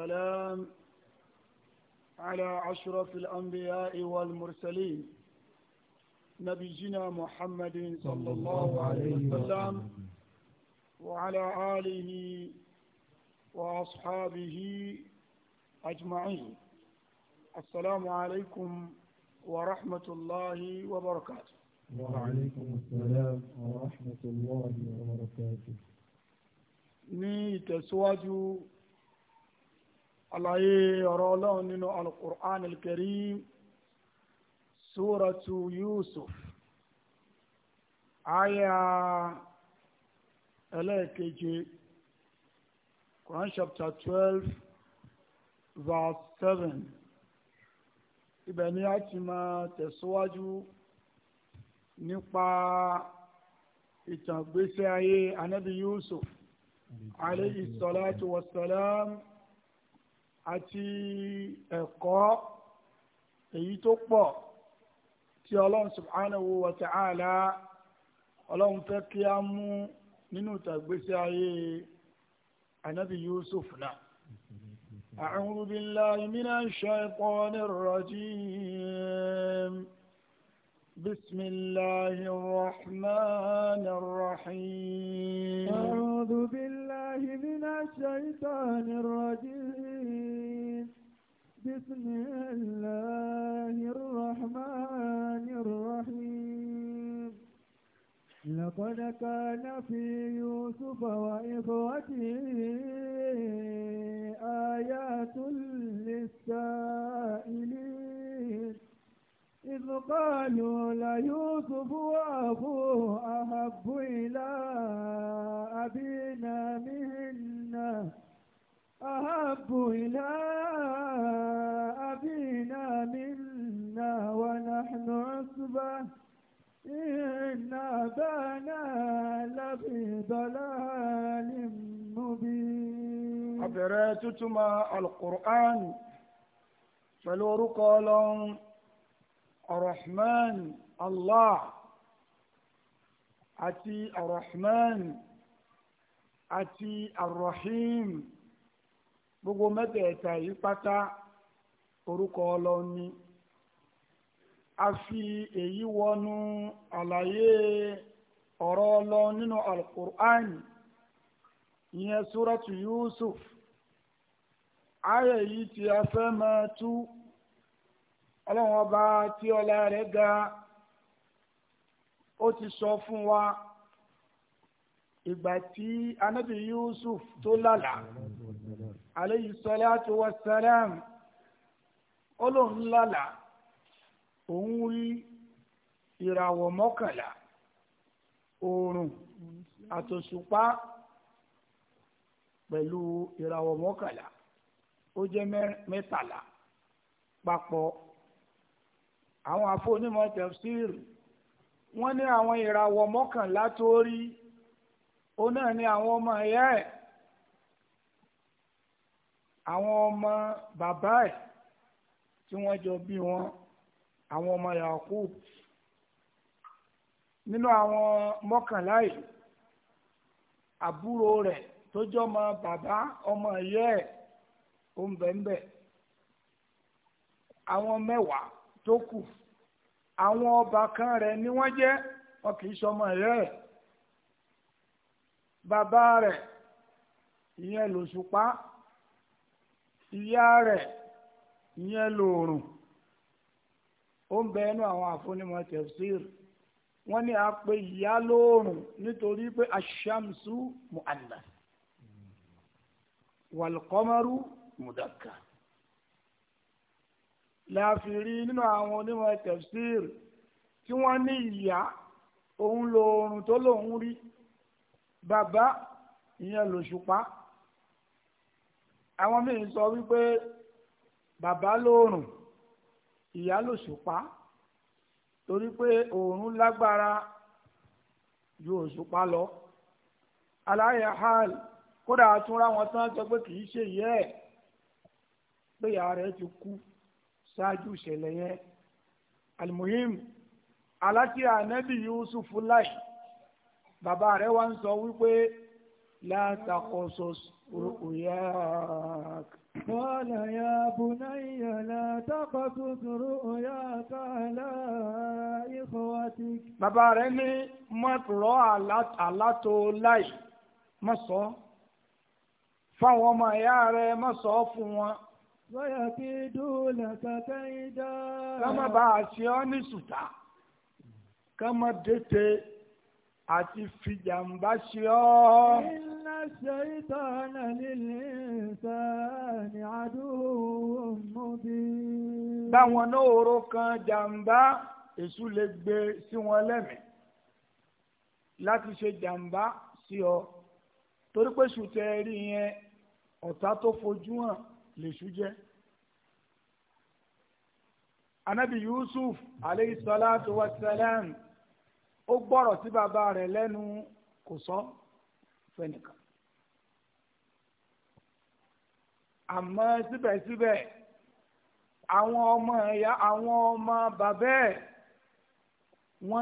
والسلام على أشرف الأنبياء والمرسلين نبينا محمد صلى الله عليه وسلم وعلى آله وأصحابه أجمعين السلام عليكم ورحمة الله وبركاته وعليكم السلام ورحمة الله وبركاته ني تسواجو àlàyé ọ̀rọ̀ ọlọ́run nínú alukur'an alkarim suratu yusuf aya ẹlẹ́ẹ̀keje Quran chapter twelve verse seven ibẹ̀ ni a ti máa tẹ̀síwájú nípa ìtàn ìgbésí ayé anabi yusuf alayhi salatu wa salam àti ẹ̀kọ́ èyí tó pọ̀ tí ọlọ́run subhanahu wa ta'ala ọlọ́run fẹ́ kí a mú nínú ìtàgbésí ayé anabi yusuf náà. أعوذ بالله من الشيطان الرجيم بسم الله الرحمن الرحيم أعوذ بالله من الشيطان الرجيم بسم الله الرحمن الرحيم لقد كان في يوسف وإخوته آيات للسائلين إذ قالوا ليوسف وأخوه أحب إلى أبينا منا أحب إلى أبينا منا ونحن عصبة إن أبانا لفي ضلال مبين. أبرأت القرآن pẹ̀lú orúkọ arahman allah àti arahman àti arahim gbogbo mẹ́tẹ̀ẹ̀ta yìí pátá orúkọ ọlọ́run ni a fi èyí wọnú àlàyé ọ̀rọ̀ ọlọ́run nínú alukur'an ìyẹn súrọ́tù yusuf ayé tí a fẹ́ máa tú. ọlọ́run ọba tí ọlá rẹ̀ ga ó ti sọ fún wa ìgbà tí anábì yusuf tó lálàá aleyhi salatu wa salam ó lóun lálàá òun rí ìràwọ̀ mọ́kànlá oòrùn àtòṣùpá pẹ̀lú ìràwọ̀ mọ́kànlá ó jẹ́ mẹ́tàlá papọ̀ àwọn àfọnímọ̀ tẹ̀síìrì wọ́n ní àwọn ìràwọ̀ mọ́kànlá tó rí ó náà ní àwọn ọmọ ẹ̀yà ẹ̀ àwọn ọmọ bàbá ẹ̀ tí wọ́n jọ bí wọn àwọn ọmọ Yakub nínú àwọn mọ́kànlá yìí àbúrò rẹ̀ tó jọ ọmọ bàbá ọmọ ẹ̀yà ẹ̀ ó ń bẹ̀ ń bẹ̀ àwọn mẹ́wàá tó kù àwọn ọba kan rẹ ni wọ́n jẹ́ wọn kì í sọmọ ìyá rẹ bàbá rẹ̀ ìyẹn lòṣùpá ìyá rẹ ìyẹn lòòrùn ó ń bẹ ẹnu àwọn àfúnimọ̀ tẹ̀síìrì wọn ni a pe ìyá lóòrùn nítorí pé aṣámsú mu'annas wal qamaru mudakkar la fi rí nínú àwọn onímọ̀ tẹ̀síìr tí wọ́n ní ìyá òun lo oorun tó lòun rí bàbá ìyẹn lòṣùpá àwọn míì sọ wípé bàbá lóòrùn ìyá lòṣùpá torí pé oòrùn lágbára ju òṣùpá lọ aláyẹ hàl kódà àtúnra wọn tán sọ pé kì í ṣe yẹ ẹ pé ìyá rẹ ti kú ṣáájú ìṣẹ̀lẹ̀ yẹn almuhim aláṣẹ anabi yusuf láì bàbá rẹ̀ wá ń sọ wípé látàkọsọ ru'yak. قال يا بني لا تقصص رؤياك على إخوتك bàbá rẹ̀ ní má rọ àlá tó láì má sọ fáwọn ọmọ ìyá rẹ̀ má fún wọn wáyà kí dúlà kankan dá. ká má bá a ṣe ọ́ ní sùtà ká má dètè àti fìjàmbá ṣe ọ́. iná ṣe ìtọ́nà lílé ṣe ní àdúgbò mọ́bí. báwọn náà oró kan jàmbá èṣù lè gbé sí wọn lẹ́mìí láti ṣe jàmbá sí ọ torí pé ṣùtẹ́ rí yẹn ọ̀tá tó fojú hàn lèṣù jẹ́ anabi yusuf aleyhi salatu wa salam ó gbọ́rọ̀ sí bàbá rẹ̀ lẹ́nu kò sọ fẹ́nìkan àmọ́ síbẹ̀síbẹ̀ àwọn ọmọ ẹ̀yà àwọn ọmọ bàbá ẹ̀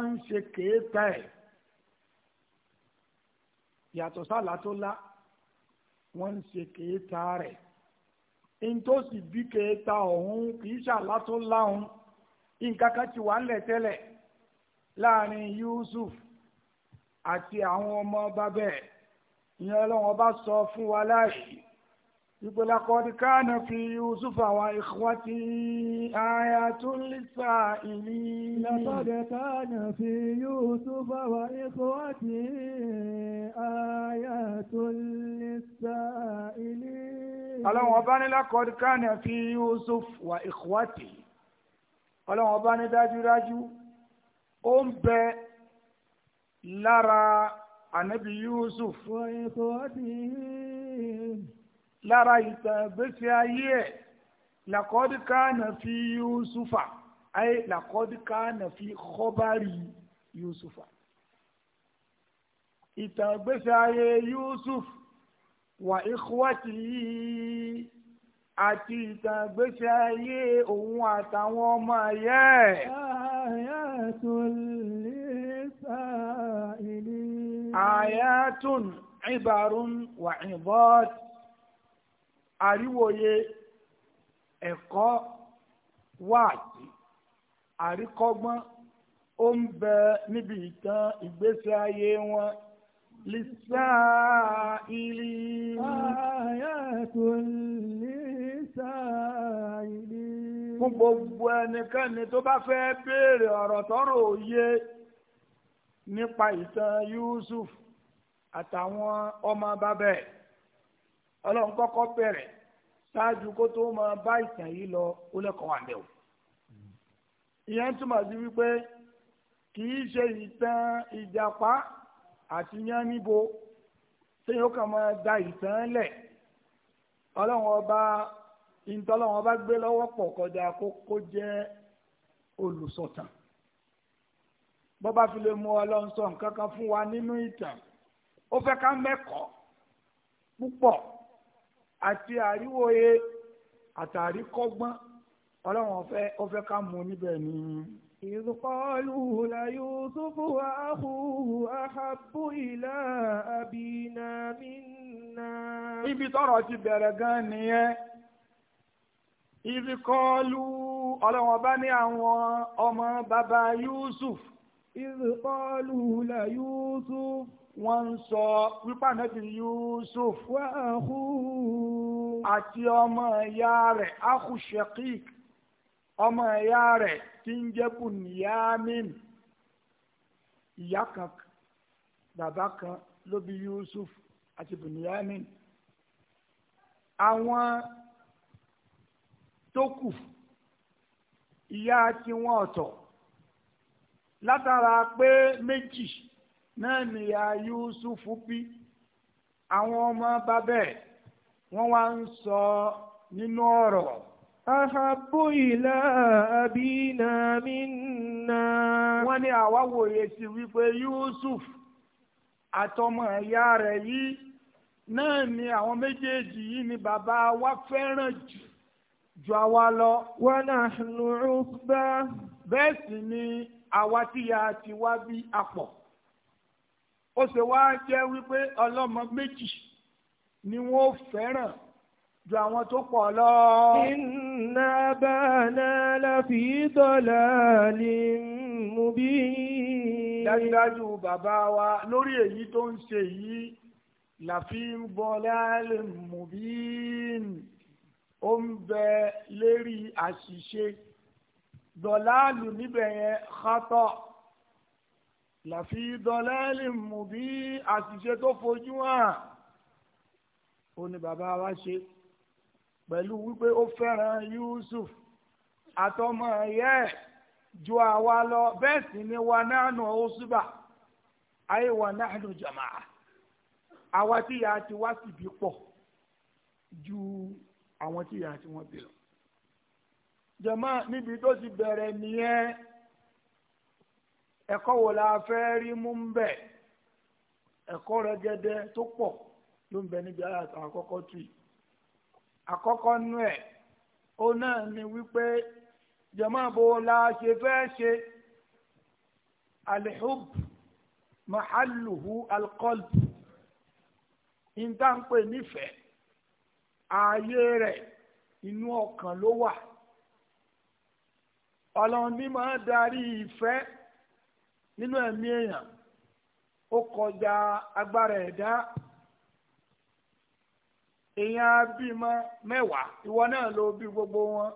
ń ṣe kéèta ẹ̀ yàtọ̀ sálà tó lá wọ́n ń ṣe kéèta rẹ̀ ntòsí bí kẹta ọ̀hún kì í ṣàlá tó láhùn nǹkan kan ti wà ńlẹ̀ tẹ́lẹ̀ láàrin Yusuf àti àwọn ọmọ ọba bẹ́ẹ̀ ìyẹn ọlọ́run ọba sọ fún wa láàyè. لقد كان في يوسف وإخوته آيات للسائلين لقد كان في يوسف وإخوته آيات للسائلين اللهم أباني لقد كان في يوسف وإخوته اللهم أباني داجو داجو أم لرى النبي يوسف وإخوته lára ìtàn ìgbésí ayé ẹ̀ làkọ́díkà náà fi yusufa ayé làkọ́díkà náà fi kọ́bárì yusufa ìtàn ìgbésí ayé yusuf wà ìkúwàtì yìí àti ìtàn ìgbésí ayé òun àtàwọn ọmọ ayé ẹ̀. ayatun lisa'ili. ayatun ibarun wa ibad àríwòye ẹ̀kọ́ wáàtí àríkọ́gbọ́n ó ń bẹ níbi ìtàn ìgbésí ayé wọn lisaili. ayatul lisaili. fún gbogbo ẹnikẹ́ni tó bá fẹ́ béèrè ọ̀rọ̀ tọrọ òye nípa ìtàn Yusuf àtàwọn ọmọ bàbá ọlọ́run kọ́kọ́ bẹ̀rẹ̀ ṣáájú kó tó máa bá ìtàn yìí lọ ó lẹ́kọ̀ọ́ àlẹ́ o. ìyẹn túmọ̀ sí wípé kì í ṣe ìtàn ìjàpá àti yánníbo sẹ́yìn ó kàn máa da ìtàn lẹ̀ ọlọ́run ọba ìtọ́lọ́run ọba gbé lọ́wọ́ pọ̀ kọjá kó jẹ́ olùsọ̀tàn bọ́ba fi lè mú ọlọ́run sọ nǹkan kan fún wa nínú ìtàn ó fẹ́ ká mẹ́kọ̀ọ́ púpọ̀ àti àríwòye àtàrí kọ́gbọ́n ọlọ́run ọ̀fẹ́ ọ̀fẹ́ ká mú níbẹ̀ ni. إذ قالوا ليوسف وأخوه أحب إلى أبينا منا ibi tọ́rọ̀ ti bẹ̀rẹ̀ gan nìyẹn ibi kọlu ọlọ́wọ́n bá ní àwọn ọmọ bàbá Yusuf. إذ قالوا ليوسف wọ́n ń sọ wípé ànábì Yusuf àti ọmọ ìyá rẹ̀ ahushekik ọmọ ìyá rẹ̀ tí ń jẹ́ Bunyamin ìyá kan bàbá kan ló bí Yusuf àti Bunyamin àwọn tó kù ìyá tiwọn ọ̀tọ̀ látara pé méjì náà nìyá Yusufu bí àwọn ọmọ bàbẹ́ wọ́n wá ń sọ nínú ọ̀rọ̀. Ahabu ilá abina minna. Wọ́n ní àwa wòye sí wípé Yusuf àtọmọ ìyá rẹ̀ yìí náà ni àwọn méjèèjì yìí ni bàbá wa fẹ́ràn jù ju àwa lọ. Wọ́n náà bá. Bẹ́ẹ̀ sì ni àwa tí ya ti wá bí apọ̀ ó ṣe wá jẹ́ wípé ọlọ́mọ méjì ni wọ́n fẹ́ràn ju àwọn tó pọ̀ lọ. iná bá náà láfi dọ́là lè mú bí. dájúdájú bàbá wa lórí èyí tó ń ṣe yìí láfi ń bọ́lá lè mú bí. ó ń bẹ lérí àṣìṣe dọ̀là níbẹ̀ yẹn kátọ́ làfi dọ́lẹ́lì mú bí àṣìṣe tó fojú hàn ó ní bàbá wa ṣe pẹ̀lú wípé ó fẹ́ràn Yusuf àtọmọ ẹ̀yẹ́ ju àwa lọ bẹ́ẹ̀ sì ni wa náà nù ó súbà ayé wa náà nù àwa tí ìyá ti wá sì pọ̀ ju àwọn tí ìyá ti wọ́n bí lọ. jàmáà níbi tó ti bẹ̀rẹ̀ nìyẹn ẹ̀kọ́ wo la fẹ́ rí mú ń bẹ̀ ẹ̀kọ́ rẹ̀gẹ́dẹ́ tó pọ̀ ló ń bẹ níbi àyàtọ̀ àkọ́kọ́ tù yìí àkọ́kọ́ nú ẹ̀ ó náà ni wípé jẹ̀mọ́bo la ṣe fẹ́ ṣe alihub mahaluhu alqalb ìtànpẹ̀ nífẹ̀ẹ́ ààyè rẹ̀ inú ọkàn ló wà ọlọ́run máa darí ìfẹ́ nínú ẹ̀mí èèyàn ó kọjá agbára ẹ̀dá èèyàn bímọ mẹ́wàá ìwọ náà ló bí gbogbo wọn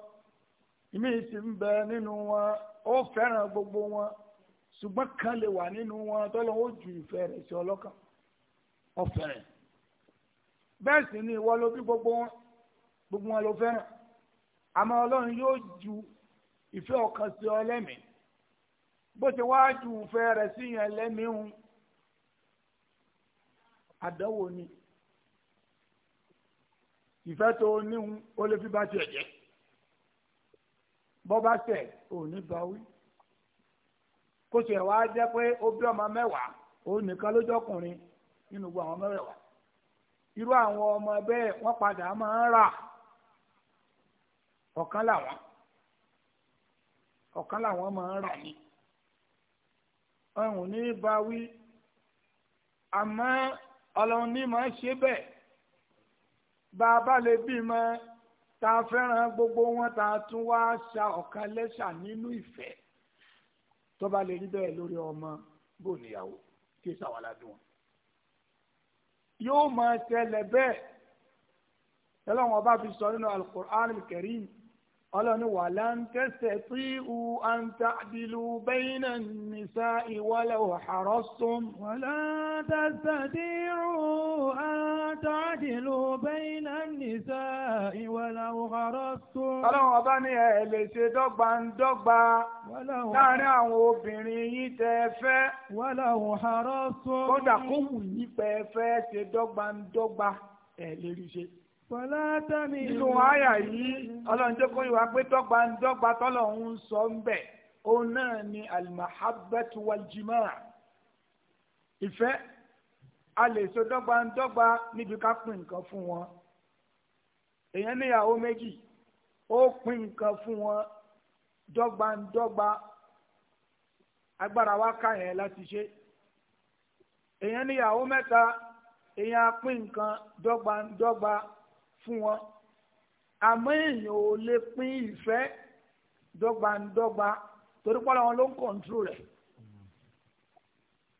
ìmí sì ń bẹ nínú wọn ó fẹ́ràn gbogbo wọn ṣùgbọ́n kan lè wà nínú wọn tọ́lọ́ ó ju ìfẹ́ rẹ̀ sí ọlọ́kàn ọ̀fẹ́rẹ̀ bẹ́ẹ̀ sì ni ìwọ ló bí gbogbo wọn gbogbo wọn ló fẹ́ràn àmọ́ ọlọ́run yóò ju ìfẹ́ ọkàn sí ọ lẹ́mìí bó ti wá ju ìfẹ́ rẹ̀ sí yẹn lẹ́mìíhun àdánwò ni ìfẹ́ tó níhun ó lè fi bá tiẹ̀ jẹ́ bọ́ bá tẹ̀ ò ní bá wí kó tiẹ̀ wá jẹ́ pé ó bí ọmọ mẹ́wàá òun nìkan lójọ́kùnrin nínú gbogbo àwọn mẹ́wàá irú àwọn ọmọ bẹ́ẹ̀ wọ́n padà máa ń rà ọ̀kan làwọn ọ̀kan làwọn máa ń rà ni ọ̀hún ní bá wí àmọ́ ọlọ́run ní máa ṣe bẹ́ẹ̀ bá a bá lè bímọ tá a fẹ́ràn gbogbo wọn tá a tún wá ṣa ọ̀kan lẹ́ṣà nínú ìfẹ́ tó bá lè rí bẹ́ẹ̀ lórí ọmọ bò níyàwó kí ẹ ṣàwàlá dùn wọn. yóò máa ṣẹlẹ̀ bẹ́ẹ̀ tẹ́lẹ̀ wọn bá fi sọ nínú alukur'an kẹrin ọlọ́ni wà láńtẹ́sẹ̀ tí u àǹtàdìlú bẹ́yìnà nìsa ìwọlẹ̀ òhàrọ́sùn. wà láńtẹ́sẹ̀ tí u àǹtàdìlú bẹ́yìnà nìsa ìwọlẹ̀ òhàrọ́sùn. ọlọ́run ọba ní ẹ lè ṣe dọ́gba ń dọ́gba láàrin àwọn obìnrin yìí tẹ́ ẹ fẹ́. wàlẹ̀ òhàrọ́sùn. kódà kó wù yín pẹ́ fẹ́ ṣe dọ́gba ń dọ́gba ẹ lè rí ṣe nínú àyà yìí ọlọ́run tó kọ́ ìwà pé dọ́gba dọ́gba tọ́lọ̀ ń sọ ń bẹ̀ òun náà ni alimahabatu waljima ìfẹ́ a lè so dọ́gba dọ́gba níbi ká pín nǹkan fún wọn èèyàn níyàwó méjì ó pín nǹkan fún wọn dọ́gba dọ́gba agbára wa ká yẹn láti ṣe èèyàn níyàwó mẹ́ta èèyàn pín nǹkan dọ́gba dọ́gba fún wọn àmọ́ èèyàn ò lè pín ìfẹ́ dọ́gbandọ́gba torí pọ́lọ́ wọn ló ń kọ̀ǹtró rẹ̀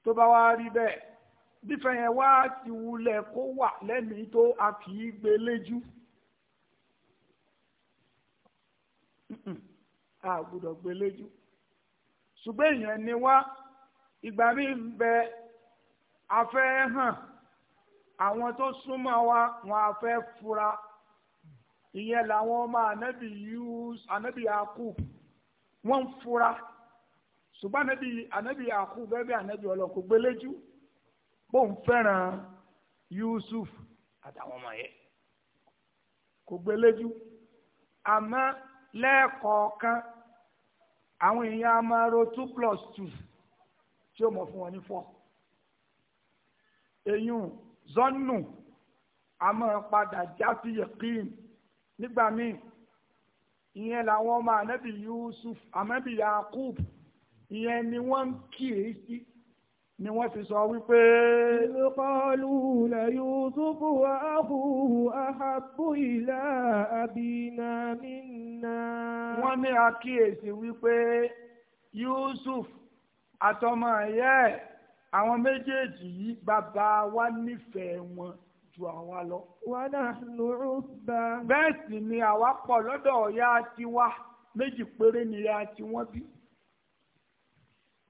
tó bá wá rí bẹ́ẹ̀ bífẹ́ yẹn wá ti wulẹ̀ kó wà lẹ́mìí tó a kì í gbé léjú a gbọ́dọ̀ gbé léjú ṣùgbọ́n èèyàn ni wá ìgbà mi bẹ afẹ́ hàn àwọn tó súnmọ́ wa wọn á fẹ́ fura ìyẹn làwọn ọmọ anabi yus anabi yakub wọ́n ń fura ṣùgbọ́n anabi anabi yakub bẹ́ẹ̀ anabi ọlọ́kọ gbẹlẹ́jú bó ń fẹ́ràn yusuf àtàwọn ọmọ yẹn kò gbẹlẹ́jú àmọ́ lẹ́ẹ̀kọ̀ọ̀kan àwọn èèyàn a máa ro two plus two tí ó mọ̀ fún wọn ní four eyín zọ́nù a máa padà já sí yẹ̀kín nígbà míì ìyẹn làwọn ọmọ anabi Yusuf anabi Yakub ìyẹn ni wọ́n ń kíyèsí ni wọ́n ti sọ wípé. Ìlúkọlù la Yusufu wa akhuhu ahabbu ila abina minna. Wọ́n ní àkíyèsí wípé Yusuf àtọmọ ẹ̀yẹ́ àwọn méjèèjì yìí bàbá wa nífẹ̀ẹ́ wọn ju àwa lọ. wàhálà lòrò bá. bẹ́ẹ̀ sì ni àwa pọ̀ lọ́dọ̀ ọ̀yá tiwa méjì péré ni ya ti wọ́n bí.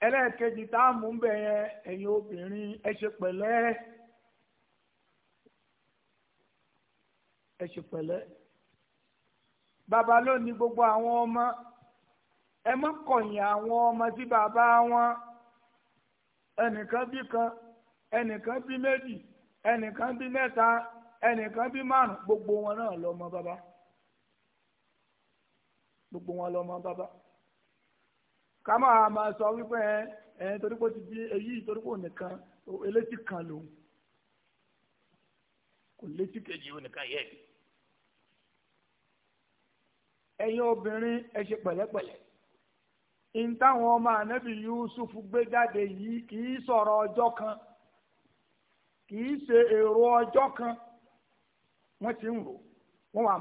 ẹlẹ́ẹ̀kejì tá a mú bẹ̀ yẹn ẹ̀yin obìnrin ẹ ṣe pẹ̀lẹ́ ẹ ṣe pẹ̀lẹ́ bàbá ló ní gbogbo àwọn ọmọ ẹ má àwọn ọmọ sí bàbá wọn. ẹnìkan bí kan ẹnìkan bí méjì ẹnìkan bí mẹta ẹnìkan bí márùn gbogbo wọn náà lọ́mọ bàbá gbogbo wọn bàbá ká máa sọ wípé ẹ ẹ torí ti di èyí torí kan kò yẹ in ọma ọmọ Yusuf gbé jáde yìí kì ọjọ kan kì í ṣe èrò kan wọ́n ti ń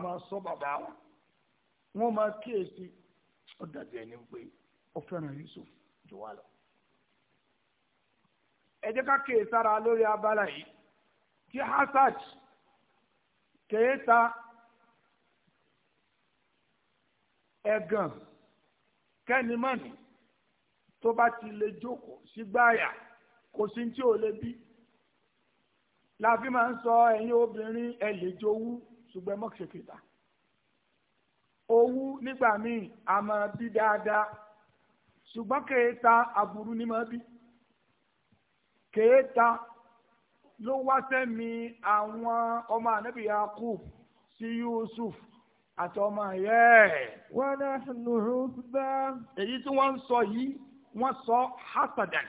ma sọ bàbá wọn wọ́n máa kíyèsí ó dàbí ẹni pé ọ fẹ́ràn Yusuf jù lọ. ẹ jẹ́ ká kíyèsára lórí abala yìí tí hasad kèéta ẹgàn. kẹ́ni mọ́ni tó bá ti lè jókòó sígbáyà kò sí tí ò lè bí la fi máa ń sọ ẹ̀yin obìnrin ẹ lè jowú ṣùgbọ́n mọ́kìṣẹ́kìtà owú nígbà míì a máa bí dáadáa ṣùgbọ́n kèéta aburú ni máa bí kèéta ló wá sẹ́mi àwọn ọmọ ànábìyà kù sí Yusuf. àtọmọ yẹ. wa nahnu usba. èyí tí wọ́n ń sọ yìí wọ́n sọ hasadan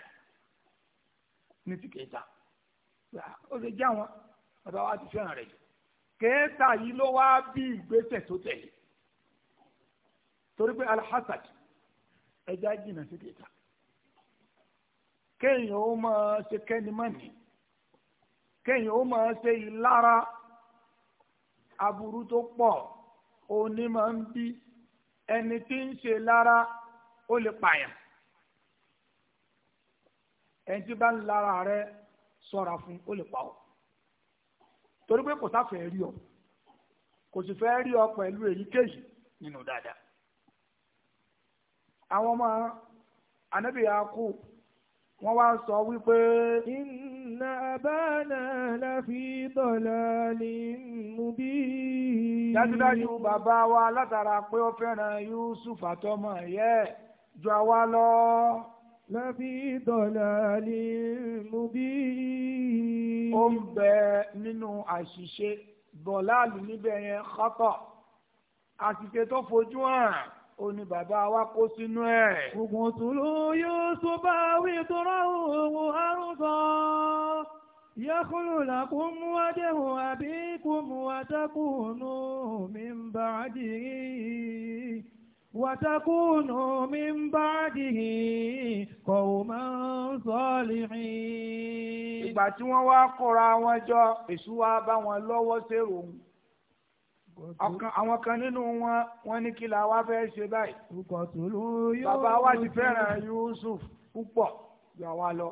ní ti kẹta ó lè jẹ́ àwọn bàbá wa ti fẹ́ràn rẹ̀ jù kẹta yìí ló wá bí ìgbésẹ̀ tó tẹ̀lé torí pé alhassad ẹja jìnnà sí kẹta kéèyàn ó máa ṣe kẹ́nìmọ́nì kéèyàn ó máa ṣe ìlara aburú tó òun ni máa ń bí ẹni tí ń ṣe lára ó lè pààyàn ẹni tí bá ń lára rẹ ṣọ́ra fún ó lè pa ọ torí pé kò sáfẹ́ rí ọ kò sì fẹ́ rí ọ pẹ̀lú èyíkéyìí nínú dáadáa àwọn ọmọ anábìyà kú. wọ́n wá sọ wípé. inna abana lafi dalalin mubin. dájúdájú bàbá wa látara pé ó fẹ́ràn Yusuf àtọmọ ẹ̀yẹ́ ju àwa lọ. lafi dalalin mubin. ó ń bẹ nínú àṣìṣe dọ̀láàlì níbẹ̀ yẹn kọ́tọ̀ àṣìṣe tó fojú hàn ó ní bàbá wa kó sínú ẹ̀. ògùn tùlù yóò tó bá wí tọrọ òwò àrùsọ yẹ́kùlù làkún mú adéhùn àbí kún mú àtẹ́kùnù mi ń bá dìrí wàtàkùnù min ba'dihi qawman salihin. ìgbà tí wọ́n wá kóra wọn jọ èṣù wá bá wọn lọ́wọ́ sẹ́rò àwọn kan nínú wọn wọn ní kí la wá fẹ́ ṣe báyìí. bàbá wa ti fẹ́ràn Yusuf púpọ̀ yà wá lọ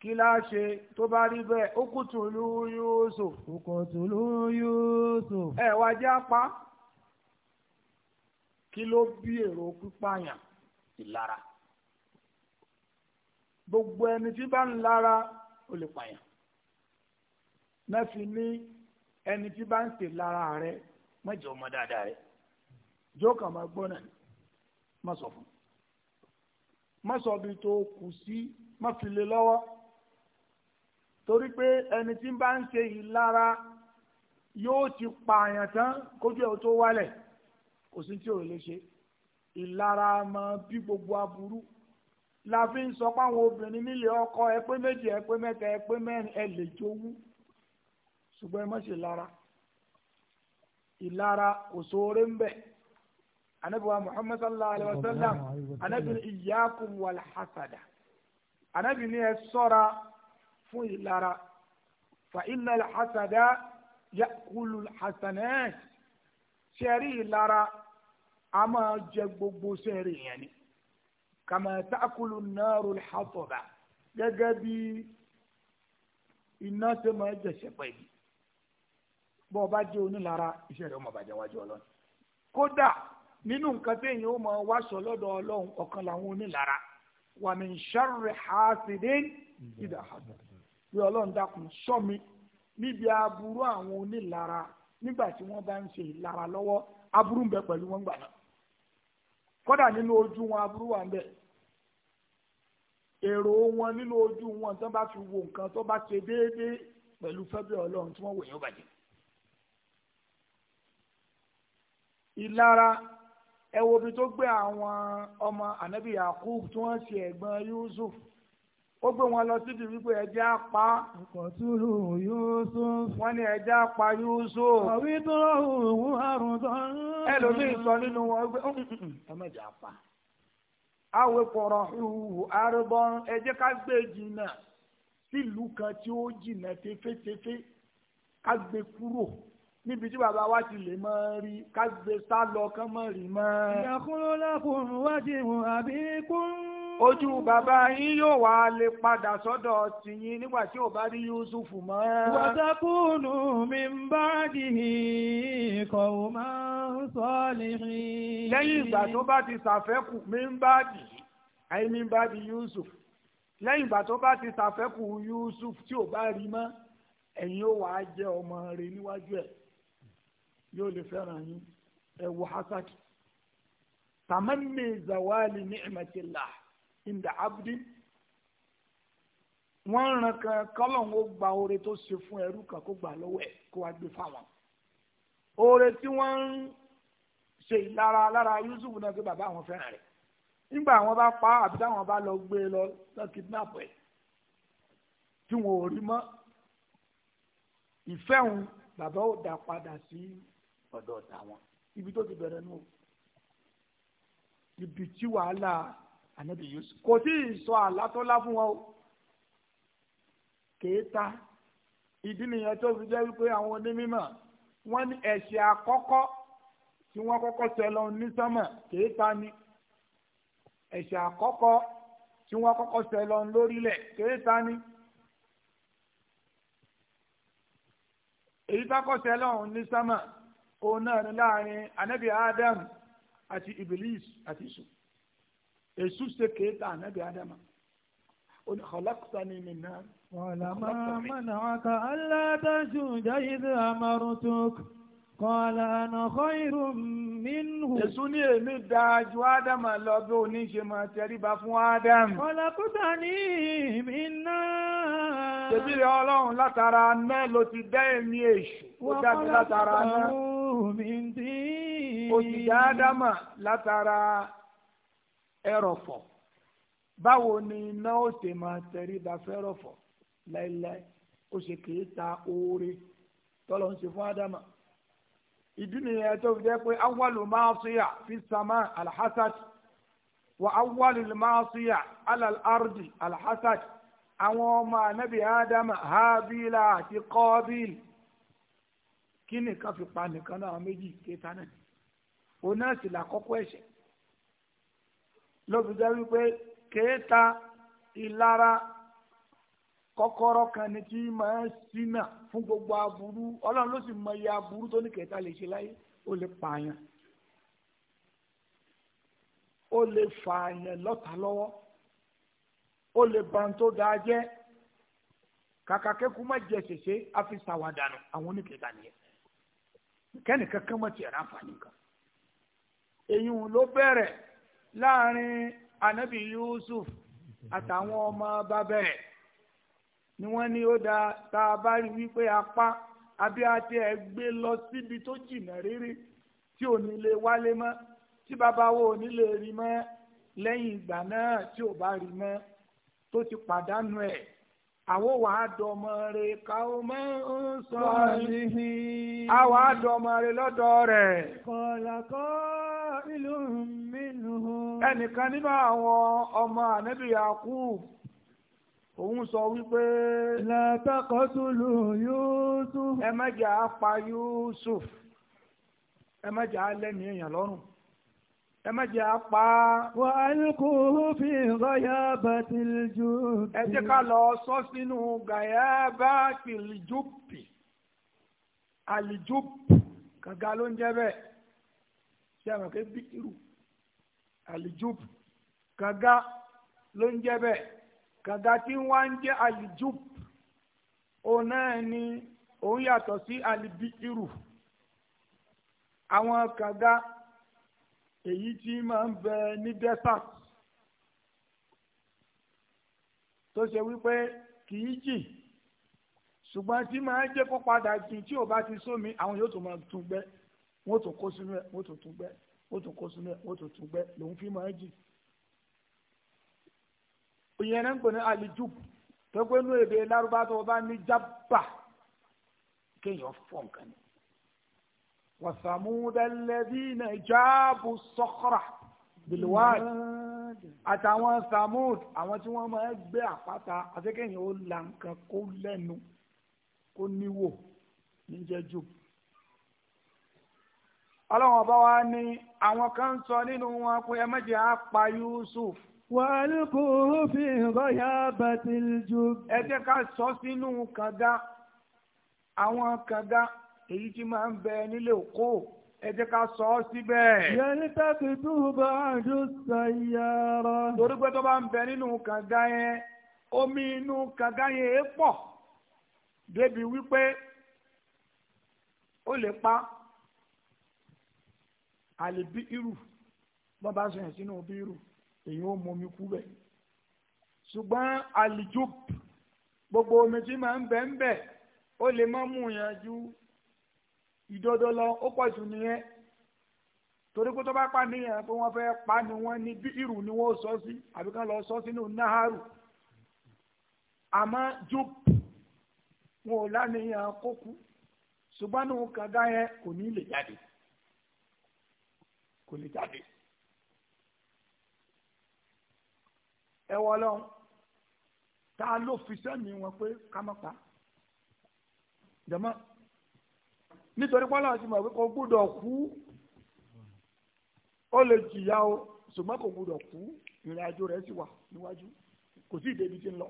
kí la ṣe tó bá rí bẹ́ẹ̀ ó kù tùlú Yusuf. ó kù tùlú Yusuf. ẹ wá jẹ́ apá kí ló bí èrò pípààyàn ìlara gbogbo ẹni tí bá ń lara ó lè pààyàn mẹ́fì ní ẹni tí bá ń ṣe lára rẹ̀ mọ́jọ ọmọ dáadáa rẹ̀ jókòó máa gbọ́ náà má sọ fún má sọ bí tó kù sí má fi lé lọ́wọ́ torí pé ẹni tí bá ń ṣe ìlara yóò ti pààyàn tán kójú ẹ̀ tó wálẹ̀ kò sí tí ò lè ṣe ìlara máa bí gbogbo aburú la fi ń sọ páwọn obìnrin nílé ọkọ ẹ pé méjì ẹ pé mẹ́ta ẹ pé mẹ́rin ẹ lè jowú ṣùgbọ́n ẹ má ṣe lára ìlara kò sóore ń bẹ̀ anabiwa muhammad sallallahu alayhi wa sallam anabi ni iyyakum wal hasada anabi ni ẹ ṣọ́ra fún ìlara fa inna al hasada yakulu al hasanat sẹ́rí ìlara a máa jẹ gbogbo sẹ́rí yẹn ni kàmá ta'kulu naru al-hatab gẹ́gẹ́ bí iná ṣe máa jẹ ṣẹpẹ́ yìí. bọ́ ọ bá jẹ́ onílara iṣẹ́ rẹ̀ ó máa bàjẹ́ wájú ọlọ́run kódà nínú nǹkan téèyàn ó máa wáṣọ lọ́dọ̀ ọlọ́run ọ̀kan làwọn onílara wà min sharri hasidin ìdá hasad pé ọlọ́run dákun ṣọ́ mi níbi aburú àwọn onílara nígbà tí wọ́n bá ń ṣe ìlara lọ́wọ́ aburú ń bẹ pẹ̀lú wọn gbà náà kódà nínú ojú wọn aburú wà ń bẹ èrò wọn nínú ojú wọn tó bá fi wo nǹkan tó bá ṣe déédéé pẹ̀lú fẹ́bẹ́ ọlọ́run tí wọ́n wò yẹn ó ìlara ẹ wo bí tó gbé àwọn ọmọ ànábì yakub tí wọ́n ṣe ẹ̀gbọ́n yusuf ó gbé wọn lọ síbi wípé ẹjẹ apá. ìkọ̀túrú yusuf. wọ́n ní ẹjẹ apá yusuf. ọ̀wí tó òun àrùn tó ń. ẹlòmíì sọ nínú wọn gbé ọmọdé apá. àwọn ìkọ̀rọ̀ ìhù àrùbọ̀n ẹjẹ ká gbé jìnnà sílùú kan tí ó jìnnà tẹfẹtẹfẹ ká gbé kúrò níbi tí bàbá wa ti lè mọ rí kágbé sá lọ kán mọ rí mọ. ìyàkúrò lákùn wájú ìwọ̀n àbí kún. ojú bàbá yín yóò wá lè padà sọ́dọ̀ tìyín nígbà tí ò bá rí Yusuf mọ́. wàtàkùnù mi ń bá dìhì kọ̀ọ̀ máa ń sọ lẹ́yìn. lẹ́yìn ìgbà tó bá ti ṣàfẹ́kù mi ń bá dìhì àyè mi ń bá di Yusuf lẹ́yìn ìgbà tó bá ti ṣàfẹ́kù Yusuf tí ò bá rí mọ́ ẹ̀yin ó wàá jẹ́ ọmọ rẹ̀ níwájú ẹ̀ yóò lè fẹ́ràn yín ẹ wọ hasaki tamanni zawali ni'matillah inda abdi wọ́n ràn kan kọ́lọ̀n ó gba oore tó ṣe fún ẹrú kan kó gbà lọ́wọ́ ẹ̀ kó wá gbé fáwọn oore tí wọ́n ń ṣe ìlara lára Yusuf náà pé bàbá àwọn fẹ́ràn rẹ̀ nígbà àwọn bá pa àbí táwọn bá lọ gbé e lọ lọ kidnap ẹ̀ tí wọn ò rí mọ́ ìfẹ́ òun bàbá ò dá padà sí ọ̀dọ̀ ọ̀tá wọn ibi tó ti bẹ̀rẹ̀ nù ibi tí wàhálà ànábì Yusuf kò tí ì sọ àlá tó lá fún wọn o kéèta ìdí nìyẹn tó fi jẹ́ wípé àwọn onímọ̀ wọ́n ní ẹ̀ṣẹ̀ àkọ́kọ́ tí wọ́n kọ́kọ́ ṣẹ̀ lọ ní sánmà kéèta ni ẹ̀ṣẹ̀ àkọ́kọ́ tí wọ́n kọ́kọ́ ṣẹ̀ lọ lórílẹ̀ kéèta ni. èyí tá kọ́ ṣẹ̀ ní sánmà òun náà ni láàrin anabi adam àti ibilis àti èṣù èṣù ṣe kéétà anabi adam ó ní khalaqtani min nar. wàlá máa mana'aka allá tasjuda idh amartuk qala ana khayrun minhu. èṣù ní èmi dáa ju lọ bí oníṣe máa tẹríba fún ádámù. khalaqtani min nar. tèmi rẹ ọlọ́run látara náà ló ti dá èmi èṣù ó dá látara náà mi ń dín. òjìjà ádámà látara ẹrọ̀fọ̀ báwo ni iná ó ṣe máa tẹríba fẹ́rọ̀fọ̀ láéláé ó ṣe kì í ta oore tọ́lọ́ ń ṣe fún ádámà ìdí nìyẹn tó fi jẹ́ pé awwalu maasiya fi sama alhassad wa awwalu maasiya alal ardi àwọn ọmọ anabi ádámà hábílà àti kọ́bílì kí nìkan fi pa nìkan náà méjì kéta náà òun náà sì làkọ́kọ́ ẹ̀ṣẹ̀ lóbi jẹ́ wípé kéta ìlara kọ́kọ́rọ́ kan ni tí máa ń ṣínà fún gbogbo aburú ọlọ́run ló sì mọ iye aburú tó ní kéta lè ṣe láyé ó lè pààyàn ó lè fààyàn lọ́ta lọ́wọ́ ó lè ban tó dáa jẹ́ kàkàkẹ́kù má jẹ ṣèṣe àfi ṣàwádànù àwọn oníkèéta nìyẹn kẹ́nìkan kan mọ̀ tiẹ̀ ráǹfààní kan èyí ló bẹ̀rẹ̀ láàrin anabi Yusuf àtàwọn ọmọ bàbá rẹ̀ ni wọ́n ní ó da tá a bá rí wípé apá àbí àti ẹ̀ gbé lọ síbi tó jìnnà rírí tí ò ní lè wálé mọ́ tí bàbá wo ò ní lè rí mọ́ lẹ́yìn ìgbà náà tí ò bá rí mọ́ tó ti pàdánù ẹ̀ àwọn wà á dọmọ rẹ ká o máa ń sọ níhi. a wà á dọmọ rẹ lọ́dọ̀ rẹ̀. kọ̀làkọ́ ìlú mínú. ẹnìkan nínú àwọn ọmọ ànábì Yakub òun sọ wípé. làtàkọ́tùlù Yusuf. ẹ má jà á pa Yusuf ẹ má jà á lẹ́mìí èèyàn lọ́rùn. ẹ má jẹ́ apá. wà á ní kó fi gọ́yà bá tìljú. ẹ jẹ́ ká lọ sọ sínú gàyà bá tìljú pì àlìjú kàga ló ń jẹ́ bẹ́ẹ̀ ṣé àwọn kẹ́ bí irú kàga ló ń jẹ́ bẹ́ẹ̀ kàga tí wọ́n ń jẹ́ àlìjú òun náà ni òun yàtọ̀ sí àlìbí àwọn kàga èyí tí máa ń bẹ ní desert tó ṣe wípé kì í jì ṣùgbọ́n tí máa ń jẹ́ kó padà jìn tí ò bá ti sómi àwọn yóò tún máa tún gbẹ́ wọ́n tún kó sínú ẹ̀ wọ́n tún tún gbẹ́ wọ́n tún kó sínú ẹ̀ wọ́n tún tún gbẹ́ lòun fi máa ń jì. ìyẹn náà ń pè ní alijub tó pé inú èdè lárúbá tó o bá ní jábà kéèyàn fọ̀ nǹkan ni. وثمود الذين جابوا الصخرة بالواد àtàwọn Thamud àwọn tí wọ́n máa gbé àpáta àtẹkẹyìn ó la nǹkan kó lẹ́nu kó níwò níjẹjú ọlọ́run ọba wa ní àwọn kan sọ nínú wọn pé ẹ má á pa Yusuf. wàlúkù fi rọ́yà bàtìljú. ẹ jẹ́ ká sọ sínú kànga àwọn kànga èyí tí máa ń bẹ nílé òkó ẹ jẹ́ ká sọ ọ́ síbẹ̀. yẹni tẹ́kì túbọ̀ àjò sàyàrá. torí pé tó bá ń bẹ nínú kànga yẹn omi inú kànga yẹn é pọ̀ débi wípé ó lè pa àlèbí irú bọ́n bá sọ yẹn sínú òbí irú èyí ó mọ omi kú bẹ̀. ṣùgbọ́n àlìjú gbogbo omi tí máa ń bẹ ń bẹ ó lè má mú yẹn ju ìdodo lọ ó pọ̀ jù nìyẹn torí pé tó bá pa níyàn pé wọ́n fẹ́ pa ni wọ́n ní bí irú ni wọ́n sọ sí àbí kán lọ sọ sínú náhàrù àmọ́ júp wọn ò lánìyàn kó kú ṣùgbọ́n ní òun kàga yẹn kò ní lè jáde kò lè jáde ẹ wọ lọ ta ló fi sẹ́mi wọn pé ká jẹ́mọ́ nítorí pọ́lá ti mọ̀ pé kò gbúdọ̀ kú ó lè jìyà o ṣùgbọ́n kò gbúdọ̀ kú ìrìn àjò rẹ̀ sì wà níwájú kò sí ìdèbí tí ń lọ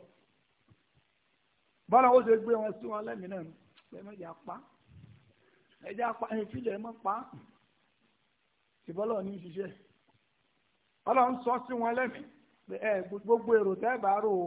bọ́lá ó ṣe gbé wọn sí wọn lẹ́mìí náà lẹ́mìí ẹ̀jẹ̀ apá ẹ̀jẹ̀ apá ìfilẹ̀ ẹ̀ mọ́ pa ìbọ́lọ̀ ní ṣiṣẹ́ ọlọ́run sọ sí wọn lẹ́mìí gbogbo èrò tẹ́ bá rò ó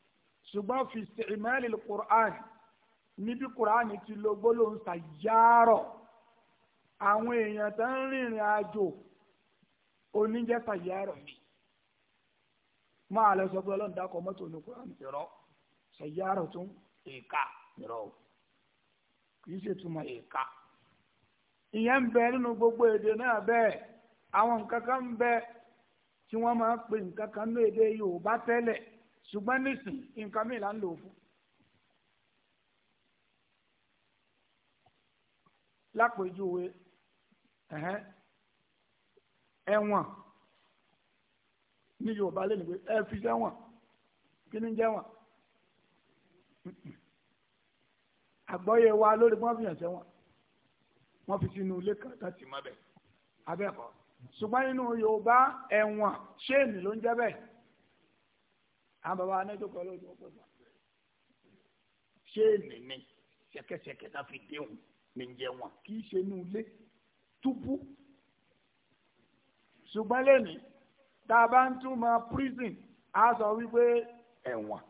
ṣùgbọ́n fi ṣèmẹ́lì quran níbi quran ti lo gbólóhùn ṣàyàrọ̀ àwọn èèyàn tó ń rìnrìn àjò oníjẹ́ ṣàyàrọ̀ mi máa lọ sọ pé ọlọ́run dákọ̀ mọ́tò ní quran ìrọ̀ ṣàyàrọ̀ tún èka ìrọ̀ kì í ṣe túmọ̀ èka ìyẹn ń bẹ nínú gbogbo èdè náà bẹ́ẹ̀ àwọn nǹkan kan ń bẹ tí wọ́n máa ń pè nǹkan kan ní èdè yorùbá ṣùgbọ́n nísìn nǹkan mìíràn ń lò fún. lápèjúwe ẹ̀wọ̀n ní yorùbá lè nìgbé ẹ fi sẹ́wọ̀n kí ni jẹ́wọ̀n àgbọ́yé wa lórí wọ́n fi hàn sẹ́wọ̀n wọ́n fi sínú ilé kan láti mọ́ bẹ́ẹ̀ abẹ́ẹ̀kọ́ ṣùgbọ́n nínú yorùbá ẹ̀wọ̀n ṣéènì ló ń jẹ́ bẹ́ẹ̀ àwọn bàbá anájọkọ lójú ọkọ sọ ṣé nìní ṣẹ̀kẹ̀ṣẹ̀kẹ̀ náà fi déhùn ní jẹ wọn kì í ṣe inú ilé túbú ṣùgbọ́n lẹ́nu tá a bá ń túmọ̀ prison a sọ wípé ẹ̀wọ̀n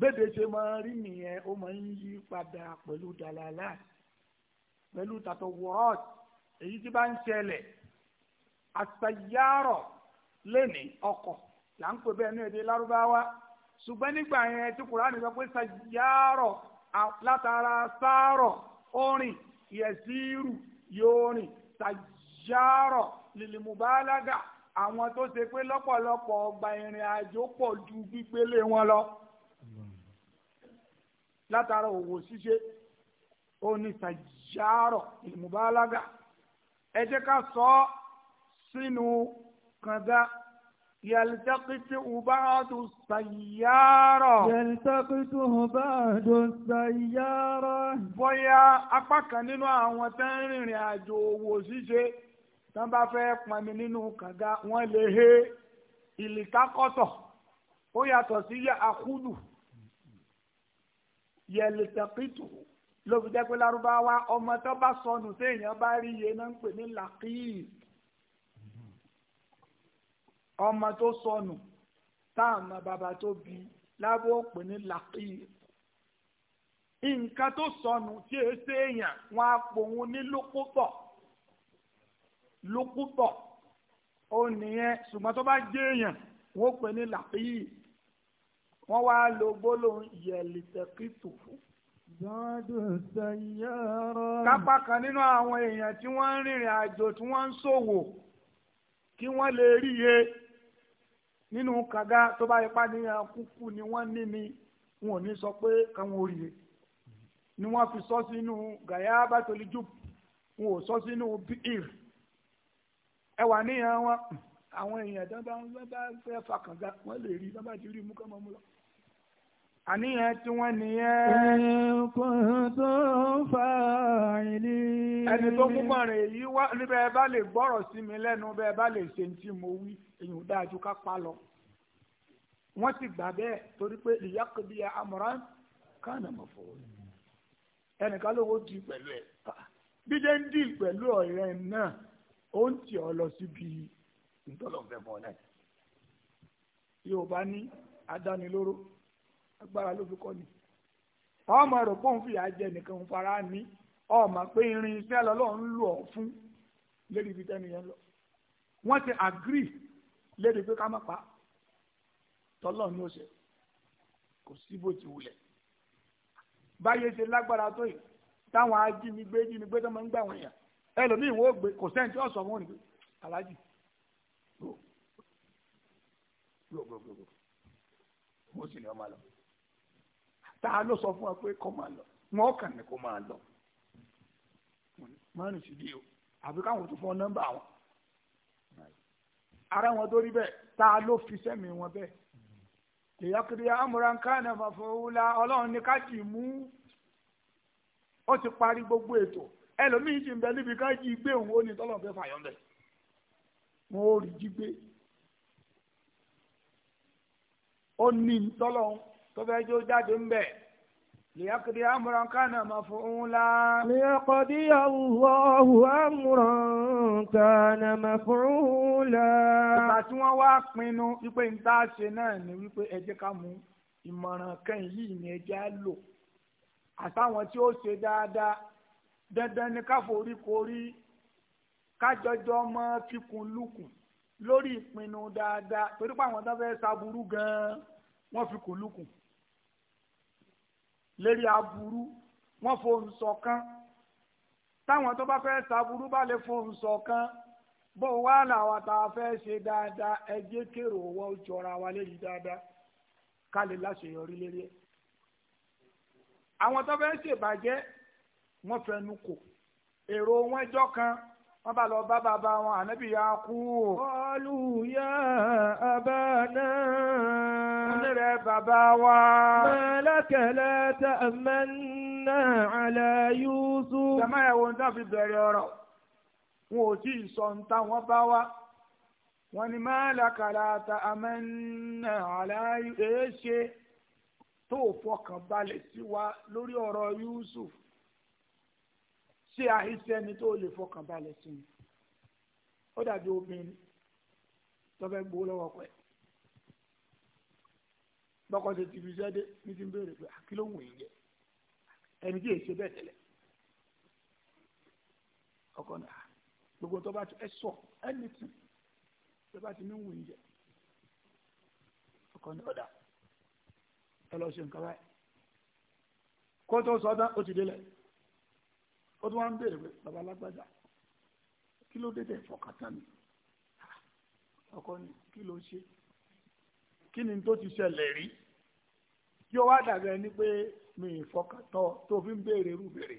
bébè ṣe máa rí nìyẹn ó máa ń yí padà pẹ̀lú dàlàlà pẹ̀lú tàtọ̀ wọ́ọ̀t èyí tí bá ń ṣẹlẹ̀ àṣàyàrọ̀ lẹ́nu ọkọ̀ là ń pè bẹ́ẹ̀ ní èdè lárúbáwá ṣùgbọ́n nígbà yẹn tí kùránì sọ pé sàyàrọ̀ látara sáárọ̀ orin yẹ̀síìrù yóò rìn sàyàrọ̀ lìlìmùbálágà àwọn tó ṣe pé lọ́pọ̀lọpọ̀ ọgbà ìrìn àjò pọ̀ ju gbígbélé wọn lọ látara òwò ṣíṣe ó ní lìlìmùbálágà ẹ jẹ́ ká sọ sínú kànga يلتقطه بعض السيارة يلتقطه بعض السيارة bóyá apá kan nínú àwọn tó ń rìnrìn àjò òwò ṣíṣe tán bá fẹ́ pọnmi nínú kànga wọ́n lè he ìlìkákọ́tọ̀ ó yàtọ̀ sí àkúlù yẹlẹtẹkìtù ló fi jẹ́ pé lárúbáwá ọmọ tó bá sọnù téèyàn bá rí iye náà ń pè ní làkìí ọmọ tó sọnù táàmù bàbá tó bí lábẹ́ òpè ní làkìr nǹkan tó sọnù tí e ṣe èèyàn wọn á pò wọn ní lókútọ̀ lókútọ̀ ó nìyẹn ṣùgbọ́n tó bá jẹ́ èèyàn wọ́n pè ní làkìr wọ́n wá lo gbólóhùn yẹ̀lìtẹ̀kìtù Kápá kan nínú àwọn èèyàn tí wọ́n ń rìnrìn àjò tí wọ́n ń ṣòwò kí wọ́n lè rí iye nínú kàga tó bá ipá ní akúkú ni wọ́n ní mi wọn ò ní sọ pé káwọn ò ni wọ́n fi sọ sínú gàyà bàtòlí jù wọn ò sọ sínú bíìr ẹ wà níyàn wọn àwọn èèyàn tó bá fẹ́ fa kàga wọ́n lè rí bá bá mú kọ́ mú lọ. àníyàn tí wọ́n nìyẹn. ẹ̀kùn tó ń fa ẹni tó mú mọ̀ràn èyí wá níbẹ̀ bá lè gbọ́rọ̀ sí mi lẹ́nu bá lè ṣe tí mo wí èyí ò dáa ju ká pa lọ. wọ́n sì gbà bẹ́ẹ̀ torí pé ìyákùbí amọ̀ràn kánà mọ̀ fọwọ́. ẹnìkan ló ń di pẹ̀lú ẹ̀. bíjẹ́ ń dì pẹ̀lú lọ síbi ìtọ́lọ́fẹ́ mọ́ náà. ní adánilóró. agbára ló fi kọ́ ni ọmọ rẹ̀ pọ̀ ń fìyà jẹ nìkan ń fara ní ọmọ pé irin iṣẹ́ lọ́lọ́run lò ọ́ fún lérí ibi tẹ́niyẹn lọ wọ́n ti agree lérí pé ká má pa tọ́lọ́ ní òṣè kò sí bó ti wulẹ̀ báyé ṣe lágbára tó yìí táwọn ajínigbé jínigbé tó máa ń gbà wọ́n yà ẹlòmíì wọ́n gbé kò sẹ́ni tí ó sọ wọn nígbè aláàjì gbogbogbò wọ́n sì ní ọmọ lọ ta ló sọ fún wa pé kó máa lọ wọn kàn ní kó máa lọ má rìn sí di o àbí káwọn tó fún ọ nọ́mbà wọn ara wọn tó rí bẹ́ẹ̀ ta ló fi sẹmi wọn bẹ́ẹ̀ ìyàkiri amúrankánà fàfọwúlà Ọlọ́run ní ká mú ó ti parí gbogbo ètò ẹlòmíì ti ń bẹ níbi ká gbé òun ó ní tọ́lọ̀ fẹ́ fàyọ̀ wọn ò rí jí gbé ó ní tọ́lọ̀ tó fẹ́ jó jáde ń bẹ̀. ليقضي أمرا كان مفعولا ليقضي الله أمرا كان مفعولا ìgbà tí wọ́n wá pinnu wípé ń tá a ṣe náà ni wípé ẹ jẹ́ ká mú ìmọ̀ràn kẹ́yìn yìí ni ẹ jẹ́ á lò àtàwọn tí ó ṣe dáadáa dandan ni ká foríkorí kájọjọ mọ́ kíkun lukùn lórí ìpinnu dáadáa torí tó fẹ́ ṣaburú gan-an wọ́n fi kùn lukùn lérí aburú wọ́n fohùn ṣọ̀kan táwọn tó bá fẹ́ ṣàbùrú bá lè fohùn ṣọ̀kan bó wá làwọn tá a fẹ́ ṣe dáadáa ẹ jẹ́ kérò owó jọra wa lérí dáadáa ká lè láṣeyọrí lérí ẹ̀ àwọn tó fẹ́ ṣèbàjẹ́ wọ́n fẹnu kò èrò wọn jọ kan wọ́n bá lọ bá bàbá wọn ànábì yà kú. ọlù yà abànà. wọ́n rẹ̀ bàbá wa. mẹ́lẹ́kẹ̀lẹ́ tẹ̀ mẹ́nà àlẹ́ yúùsù. jama yẹ wo nta fi bẹ̀rẹ̀ ọ̀rọ̀ wọn ò tí ì sọ nta wọn bá wa. wọ́n ní mẹ́lẹ́kẹ̀lẹ́ tẹ̀ mẹ́nà àlẹ́ yúùsù. èé ṣe tó fọkàn balẹ̀ sí wa lórí ọ̀rọ̀ yúùsùfù. ṣé tó lè fọkàn balẹ̀ sí i ó dàbí obìnrin tó gbowó lọ́wọ́ ọkọ ẹ̀ lọ́kọ̀ ṣe ní ti ń béèrè pé kí ló ń ẹni tí èsì bẹ́ẹ̀ tẹ́lẹ̀ ọkọ náà gbogbo tó ti ẹ sọ ẹnìtì ti ní wòye jẹ ọkọ náà ọ̀dà ẹ lọ ṣe nǹkan báyìí kó tó sọ ọ́ tán ó ti délẹ̀. ó tún wá ń béèrè bàbá alágbájá kí ló dé fọkàtà mi ọkọ ni kí ló ṣe kí ni tó ti ṣẹlẹ̀ rí tí ó wá dàbí ẹni pé mi ì fọkàtọ tó fi ń béèrè irú bèrè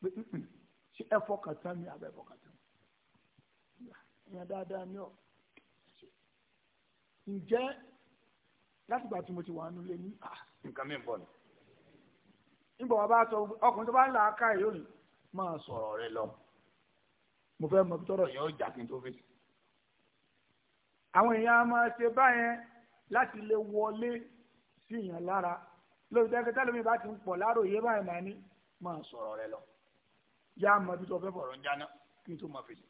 pé mm, mm, ṣe ẹ fọkàtà mi àbẹ fọkàtà mi dáadáa ni ọ ǹjẹ́ máa sọ̀rọ̀ rẹ lọ mo fẹ́ mọ tọrọ yẹn ọjà kí n tó fi. àwọn èèyàn a máa ṣe báyẹn láti lè wọlé sí èèyàn lára lórí dẹ́kẹ́tà lómi bá ti ń pọ̀ láròyé báyìí máa ní máa sọ̀rọ̀ rẹ lọ yá mọ ibi tó fẹ́ fọ̀rọ̀ ń jáná kí n tó mọ fèsì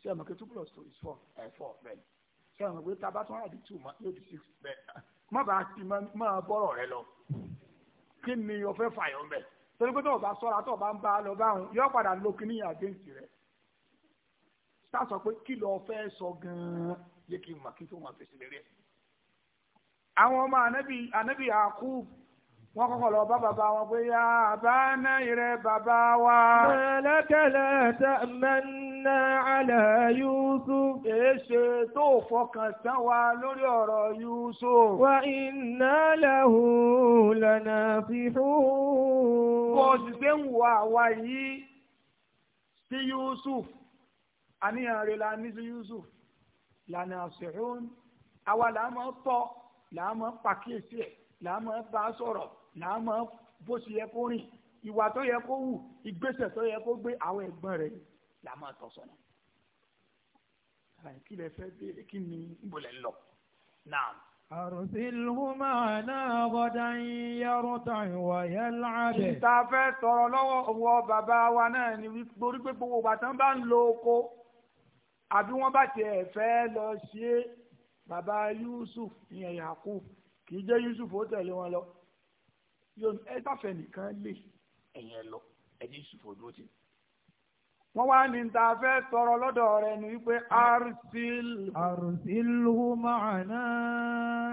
ṣé ẹ mọ̀ pé two plus two is four ẹ̀ four bẹ́ẹ̀ ni ṣé ẹ mọ̀ pé tá a bá tún àdí two mọ yóò di six bẹ́ẹ̀ má bàa ti máa bọ́rọ̀ rẹ lọ kí ni o fẹ́ fàyọ̀ bẹ́ẹ̀ torí pé tó o bá sọ́ra tó o bá ń bá a lọ báwọn yóò padà lo kíní àgéǹtì rẹ̀ sá sọ pé kí ló fẹ́ sọ gan-an yé kí n mà kí tó máa fèsì lérí ẹ̀. àwọn ọmọ anabi anabi àkú wọn kọ́kọ́ lọ bá bàbá wọn pé yá àbá náà rẹ bàbá wa. mọ̀lẹ́kẹ̀lẹ́ tẹ̀ mẹ́rin ná àlà Yusuf. èéṣe tó fọkàn tán wa lórí ọ̀rọ̀ Yusuf. wà iná lahu lànà fífún. bó o sì ṣe ń wo àwa yìí sí Yusuf àníyàn rẹ̀ la ní sí Yusuf lànà fífún àwa làá máa tọ́ làá máa pàkíyèsí ẹ̀ làá máa bá sọ̀rọ̀ làá máa bó ṣe yẹ kó rìn ìwà tó yẹ kó wù ìgbésẹ̀ tó yẹ kó gbé àwọn ẹ̀gbọ́n rẹ̀ yìí là máa tọ̀ sọ̀nà kí lè fẹ́ béèrè kí ni ìbòlẹ̀ ń lọ náà. أرسله معنا غدا يرتع ويلعب. Ìta fẹ́ tọrọ lọ́wọ́ ọwọ́ bàbá wa náà ni torí pé gbogbo bàtán bá ń lo oko àbí wọ́n bá tiẹ̀ fẹ́ lọ ṣe bàbá Yusuf ìyẹn Yakub kì í jẹ́ Yusuf ó tẹ̀lé wọn lọ. Ẹ bá fẹ́ nìkan lè ẹ̀yìn ẹ lọ ẹ̀dí Yusuf ò dúró tì í. wọ́n wá ní ta tọrọ lọ́dọ̀ rẹ̀ ní wípé arsil. arsilhu ma'ana.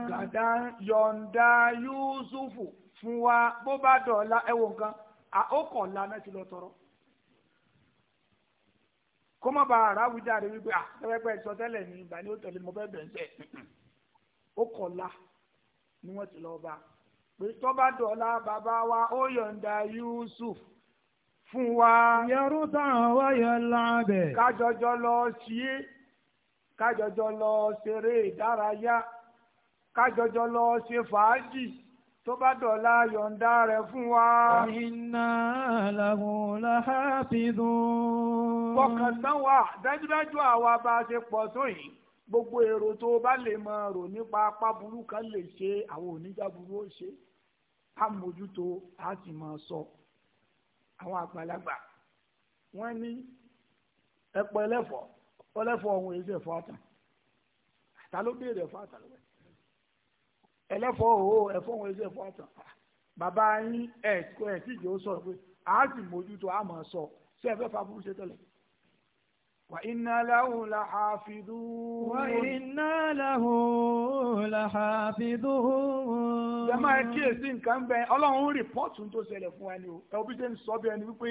gàdá yọ̀ǹda yusufu fún wa bó bá dọ̀la ẹ̀wọ̀n nǹkan àókànlá náà ti lọ tọrọ. kó má bàa ráwùjáde wípé à pẹ́pẹ́pẹ́ sọtẹ́lẹ̀ ní ìgbà ní ni wọ́n ti bá wa ó yọ̀ǹda yusuf. fún wa. yẹrù táwọn wáyọ lábẹ́. kájọjọ lọ ṣíé kájọjọ lọ ṣeré ìdárayá kájọjọ lọ ṣe fàájì tó bá dọ̀la yọ̀ǹda rẹ̀ fún wa. iná làwọn làhápìdùn. fọkàn tán wà dájúdájú àwa bá a ṣe pọ̀ tó yìí gbogbo èrò tó bá lè máa rò nípa apá burúkú lè ṣe àwọn oníjà burú ṣe á mójútó sì máa sọ. So àwọn àgbàlagbà wọ́n ní ẹpọ ẹlẹ́fọ̀ ọlẹ́fọ̀ ọ̀hún èyí ẹ̀fọ́ àtà àtà ló béèrè ẹ̀fọ́ àtà lọ́wọ́ ẹlẹ́fọ̀ ọ̀hún ẹ̀fọ́ ọ̀hún èyí ẹ̀fọ́ àtà bàbá yín ẹ̀ ẹ̀ tíjì ó sọ̀rọ̀ pé àá sì mójútó àmọ̀ sọ sí ẹ̀fẹ́ fàbúrú ṣe tẹ́lẹ̀ وإنا له لحافظون وإنا له لحافظون jàmá ẹ kíyèsí nǹkan bẹ́ẹ̀ Ọlọ́run rìpọ́ọ̀tù tó ṣẹlẹ̀ fún wa ni o ẹ̀wọ́n bí sọ bí ẹni wípé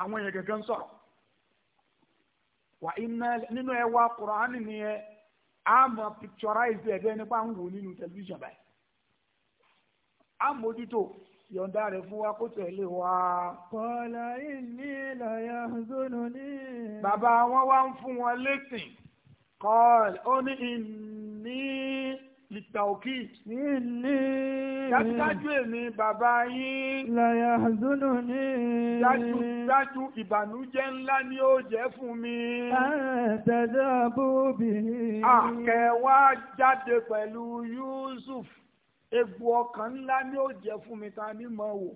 àwọn èèyàn gẹ́gẹ́ ń sọ̀rọ̀ wà iná nínú ẹ a mọ̀ picturize ẹ̀ yọ̀ǹda rẹ̀ fún wa kó tẹ̀lé wa. kọ́lá ìní ìlàyà zónú ní. bàbá wọn wá ń fún wọn létí kọ́l ó ní ìní lìtàókì. ìní. dájúdájú èmi bàbá yín. ìlàyà zónú ní. dájúdájú ìbànújẹ́ ńlá ni ó jẹ́ fún mi. àtẹ̀dá bóbì. àkẹ́wà jáde pẹ̀lú Yusuf egbò ọkàn ńlá ni ó jẹ fún mi ta ni mọ̀ wò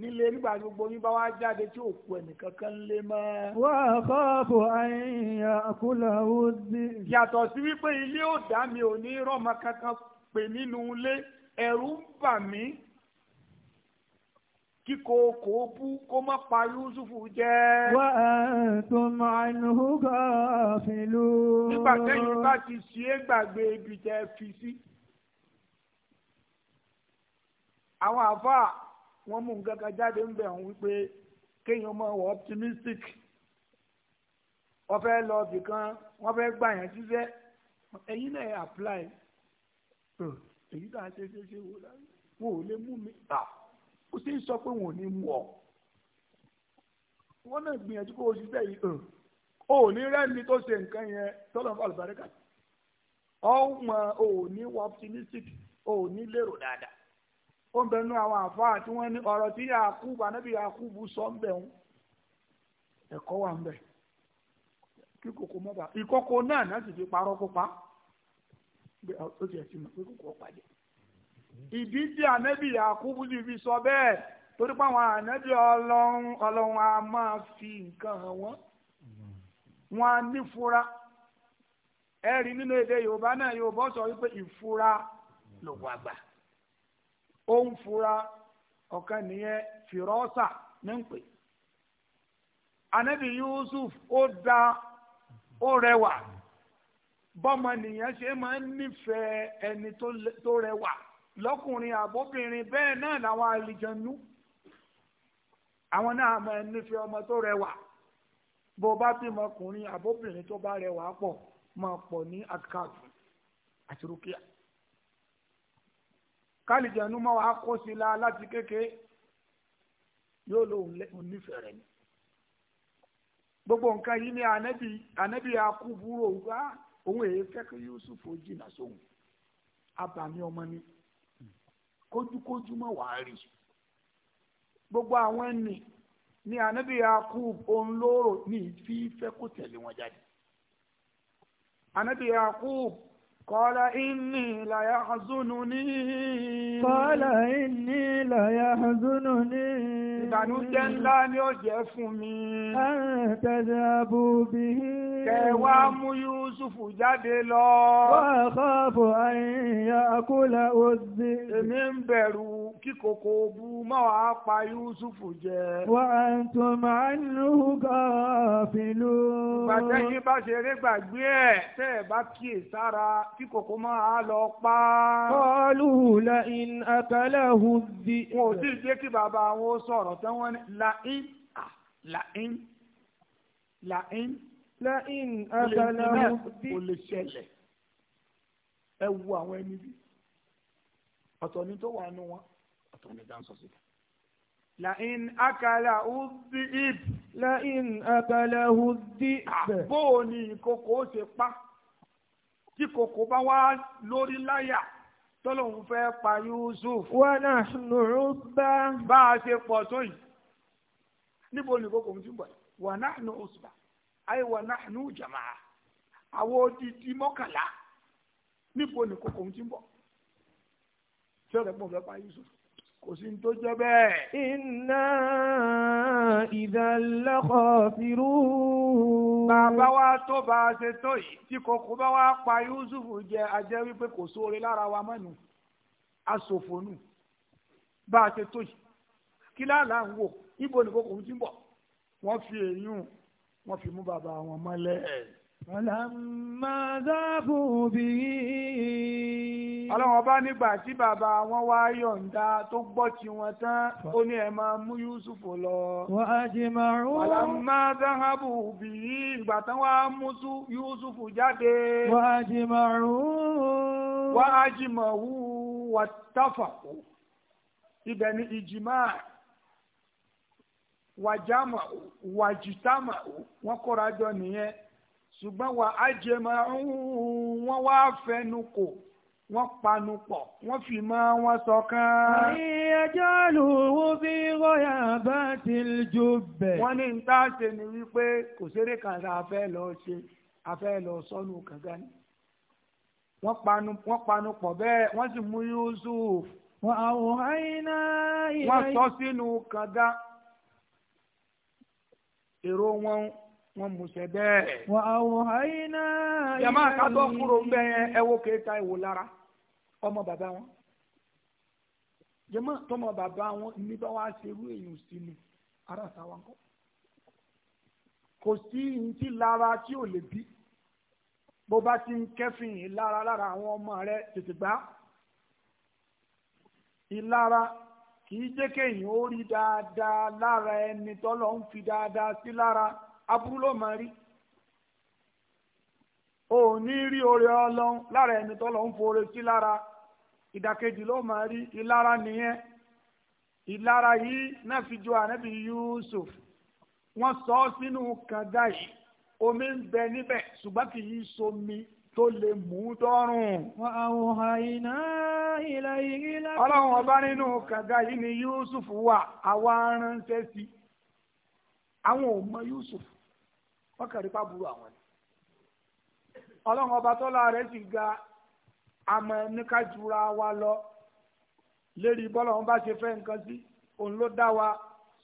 nílé nígbà gbogbo yín bá wá jáde tí ò kú ẹnìkankan lé mọ́. wà á kọ́ọ̀bù àyìnyà àkúláwó dé. yàtọ̀ sí wípé ilé ò dá mi ò ní rọ́mọ kankan pè nínú ilé ẹ̀rù ń bà mí kíkó kò bú kó má pa Yusufu jẹ́. wà á tún máa ń hùwà fìlú. nígbà tẹ́yìn bá ti ṣe é gbàgbé ibi tẹ́ fi sí àwọn àfáà wọ́n mú nǹkan kan jáde ń bẹ̀ wọ́n wípé kéèyàn máa wọ optimistic wọ́n fẹ́ lọ ibì kan wọ́n fẹ́ gbà yẹn ṣiṣẹ́ ẹ̀yin náà apply hmm, èyí tá a ṣe ṣe ṣe wò láyé wọn ò lè mú mi à ó sì ń sọ pé wọn ò ní mú ọ wọn náà gbìyànjú kó o ṣiṣẹ́ yìí hmm, o ò ní rẹ́ni tó ṣe nǹkan yẹn tọ́lọ̀ fún àlùbáríkà ọ̀hún mọ̀ o ò ní wọ optimistic o ò ní lérò dáadáa ó ń bẹnu àwọn àfáà tí wọ́n ní ọ̀rọ̀ tí Yakubu anábì Yakubu sọ ń bẹ̀ ń ẹ̀kọ́ wà ń bẹ̀ kí kòkó mọ́ bá ìkòkò náà náà sì fi parọ́ kó pa bí ó ti ẹ̀sìn mọ̀ pé kòkó pàdé. ìdí tí anábì Yakubu sì fi sọ bẹ́ẹ̀ torí pé àwọn anábì ọlọ́run a máa fi nǹkan hàn wọ́n wọn á nífura ẹ̀rí nínú èdè Yorùbá náà Yorùbá sọ wípé ìfura lògùn àgbà. o ń fura nìyẹn fìrọ́sà ní anabi yusuf ó da ó rẹwà bọ́mọ nìyẹn ṣe máa ń ẹni tó rẹwà lọ́kùnrin àbóbìnrin bẹ́ẹ̀ náà làwọn àlìjẹnú àwọn náà máa nífẹ̀ẹ́ ọmọ tó rẹwà bó bá bímọ ọkùnrin àbóbìnrin tó bá rẹwà pọ̀ máa pọ̀ ní kálíjẹnu mọ́ wàá kó sí la láti kékeré yóò lóun nífẹ̀ẹ́ rẹ̀ ni gbogbo nǹkan yìí ni ànábì ànábì akúburú òwúrọ̀ òun èyí fẹ́ kí Yusuf ó jìnnà sóhun abàmì ọmọ ni kójúkójú mọ́ wàá rí gbogbo àwọn ẹni ni ànábì Yakub òun lóró ní ìfífẹ́ kó tẹ̀lé wọn jáde ànábì Yakub قال إني ليحزنني قال إني ليحزنني ìbànújẹ́ ńlá ni ó jẹ́ fún mi. أن تذهبوا به. kẹ́ wá mú Yúsùfù jáde lọ. وأخاف أن يأكله الذئب. èmi ń bẹ̀rù kí kòkò bu má wàá pa Yúsùfù jẹ. وأنتم عنه غافلون. ìgbà tẹ́yìn bá ṣeré gbàgbé tí kòkó máa lọ pa á. Kọlù la'in akalahu di. Wọ́n ò sí jẹ́ kí bàbá wọn sọ̀rọ̀ tán wọ́n ní la'in la'in la'in. La'in akalahu di. Kò lè ṣẹlẹ̀. Ẹ wo àwọn ẹni bí. Ọ̀tọ̀ ni tó wà nù wọn, ọ̀tọ̀ ni dáńsọ̀ sílẹ̀. لئن أكله الذئب لئن أكله الذئب bó o ní ìkòkò ṣe pa tí kòkó bá wá lórí láyà tọ́lọ́hún fẹ́ pa Yusuf. wọn náà nùrù bá. bá a ṣe pọ̀ tó yìí níbo ni kòkó ń túbọ̀ wà náà nù usba ayé wà náà nù jamaa àwọn odidi mọ́kànlá níbo ni kòkó ń túbọ̀ tí ó rẹ̀ pọ̀ fẹ́ pa Yusuf kò sí ní tó jẹ́ bẹ́ẹ̀. iná ìdánlẹ́kọ̀ fìrú. bàbá wa tó bá a ṣe tó yìí tí kòkó bá wa pa Yusuf jẹ ajẹ́ wípé kò sóore lára wa mọ́nu aṣòfò nù bá a ṣe tó yìí kí láàlá ń wò ibo ni kòkó ti bọ̀ wọ́n fi èyí hùn wọ́n fi mú bàbá wọn mọ́lẹ̀ ẹ̀. Ọlọ́mọ záàbù bí i. Ọlọ́wọ́n nígbà tí bàbá wọn wá yọ̀ǹda tó gbọ́ tí wọ́n tán, ó ní ẹ máa mú Yúsùfù lọ. Wọ́n á jẹ màrún. Ọlọ́mọ záàbù bí Ìgbà tán wá mú Yúsùfù jáde. Wọ́n á jẹ màrún. Wọ́n á jẹ màrún wà táfà. Ibẹ̀ ni ìjìmá wàjámà wàjìtámà wọ́n kóra jọ nìyẹn ṣùgbọ́n wà á jẹ máa ń wọ́n wá fẹnu kò wọ́n panu pọ̀ wọ́n fi mọ́ wọn ṣọ̀kan. ní ẹjọ́ lòwú bí rọ́yà bá ti jò bẹ̀. wọ́n ní nta ṣe ni wípé kò ṣeré kan tá a fẹ́ lọ ṣe a fẹ́ lọ sọ́nù kànga ni. wọ́n panu wọ́n panu pọ̀ bẹ́ẹ̀ wọ́n sì mú Yusuf. wọ́n àwòrán iná ilé. wọ́n sọ sínú kànga. èrò wọn wọ́n mú ṣe bẹ́ẹ̀. wà á wò ayé náà. jama kátó kúrò ń bẹ ẹwọ kéka ìwò lára ọmọ bàbá wọn jama tọmọ bàbá wọn níbà wá ṣerú èyàn sí ni ara sáwa ń kọ kò sí ntí lára tí ò lè bí bó bá ti ń kẹ́fìn lára lára àwọn ọmọ rẹ tètè gbá ìlara kì í jẹ́ kéèyàn ó rí dáadáa lára ẹni tọ́lọ́ ń fi dáadáa sí lára. aburú ló máa rí o ò ní rí oore ọlọ́run lára ẹni tó lọ ń foore sí lára ìdàkejì ló máa rí ìlara nìyẹn ìlara yìí náà fi ju ànábì Yusuf wọ́n sọ ọ́ sínú kànga yìí omi ń bẹ níbẹ̀ ṣùgbọ́n kì í ṣomi tó lè mú dọ́rùn. wọ́n àwòhà iná ilẹ̀ yìí lápá. ọlọ́run ọba nínú kànga yìí ni Yusuf wà àwa ránṣẹ́ sí àwọn ò mọ Yusuf. wọ́n kàn rí pàbùrù àwọn ni ọlọ́run ọba tọ́lá rẹ̀ sì ga àmọ́ níkàjúra wa lọ lérí bọ́lá wọn bá ṣe fẹ́ nǹkan sí òun ló dá wa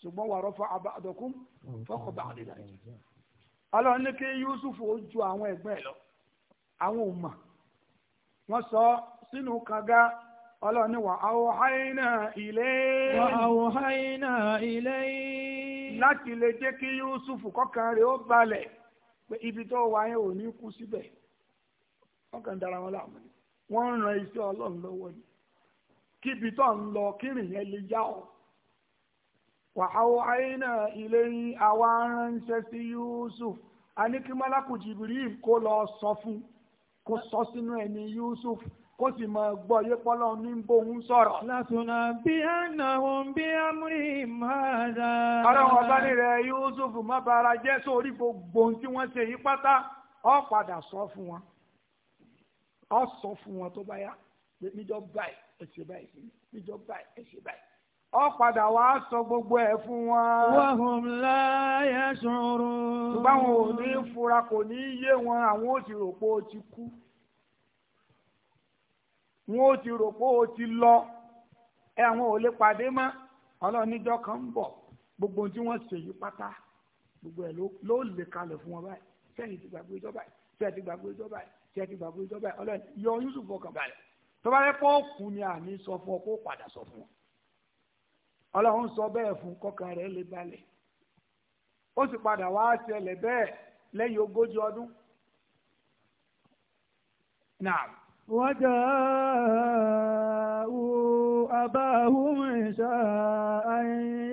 ṣùgbọ́n wàá rọ́fọ́ àdọ̀kún fọ́kànbá àdìdà yìí ọlọ́run ní kí Yusuf ó ju àwọn ẹ̀gbọ́n ẹ̀ lọ àwọn ò mọ̀ wọ́n sọ sínú kànga ọlọ́run ní wà áwòháyínà ilé. wà áwòháyínà ilé láti lè jẹ́ kí Yusuf kọ́kàn rẹ̀ ó balẹ̀ pé ibi tó wà yẹn ò ní kú síbẹ̀ ọkàn dára wọn láàmú ni wọ́n ń ran iṣẹ́ Ọlọ́run lọ́wọ́ ni kíbi tó ń lọ kírìn yẹn lè yá ọ Wàháwo àyínà ilé ní àwa ránṣẹ́ sí Yusuf a ní kí málákù Jibril kó lọ sọ fún kó sọ sínú ẹni Yusuf. kó sì máa gbọ́ yé pọ́lọ́ ní bóun sọ̀rọ̀. Lásùnà bí àná òun bí Amúrí Màdá. Ọlọ́run ọba nílẹ̀ Yusuf má bara jẹ́ sórí gbogbo ohun tí wọ́n ṣe yí pátá, ó padà sọ fún wọn. Ó sọ fún wọn tó bá yá pé níjọ́ báyìí ẹ ṣe báyìí níjọ́ báyìí ẹ ṣe báyìí. Ó padà wá sọ gbogbo ẹ̀ fún wọn. Wọ́n láyà sọ̀rọ̀. Ṣùgbọ́n àwọn fura kò ní yé wọn àwọn ó wọn ò ti rò pé ti lọ ẹ ò lè pàdé kan bọ̀ gbogbo tí wọ́n ṣe yí pátá gbogbo ẹ̀ ló lè kalẹ̀ fún wọn báyìí sẹ́yìn ti gbàgbé ìjọba yìí sẹ́yìn ti gbàgbé ìjọba yìí sẹ́yìn ti gbàgbé ìjọba yìí yọ yusuf fọkàn ọ kó padà sọ fún ọ وجاءوا أباهم عشاء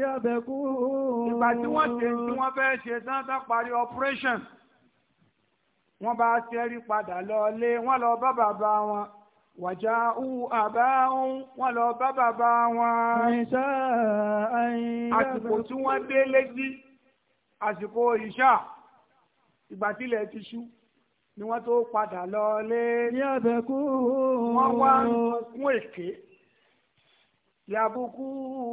يبكون ìgbà tí wọ́n ṣe tí wọ́n fẹ́ ṣe tán tán parí operation wọ́n bá ṣẹ́rí padà lọ́ọ́lé wọ́n lọ bá bàbá wọn wàjá ú àbá ń wọ́n lọ bá bàbá wọn àsìkò tí wọ́n dé létí àsìkò ìṣà ìgbà tílẹ̀ ti ṣú ni wọ́n tó padà lọ lé ní àbẹ̀kú wọ́n wá sunkún èké yàbùkú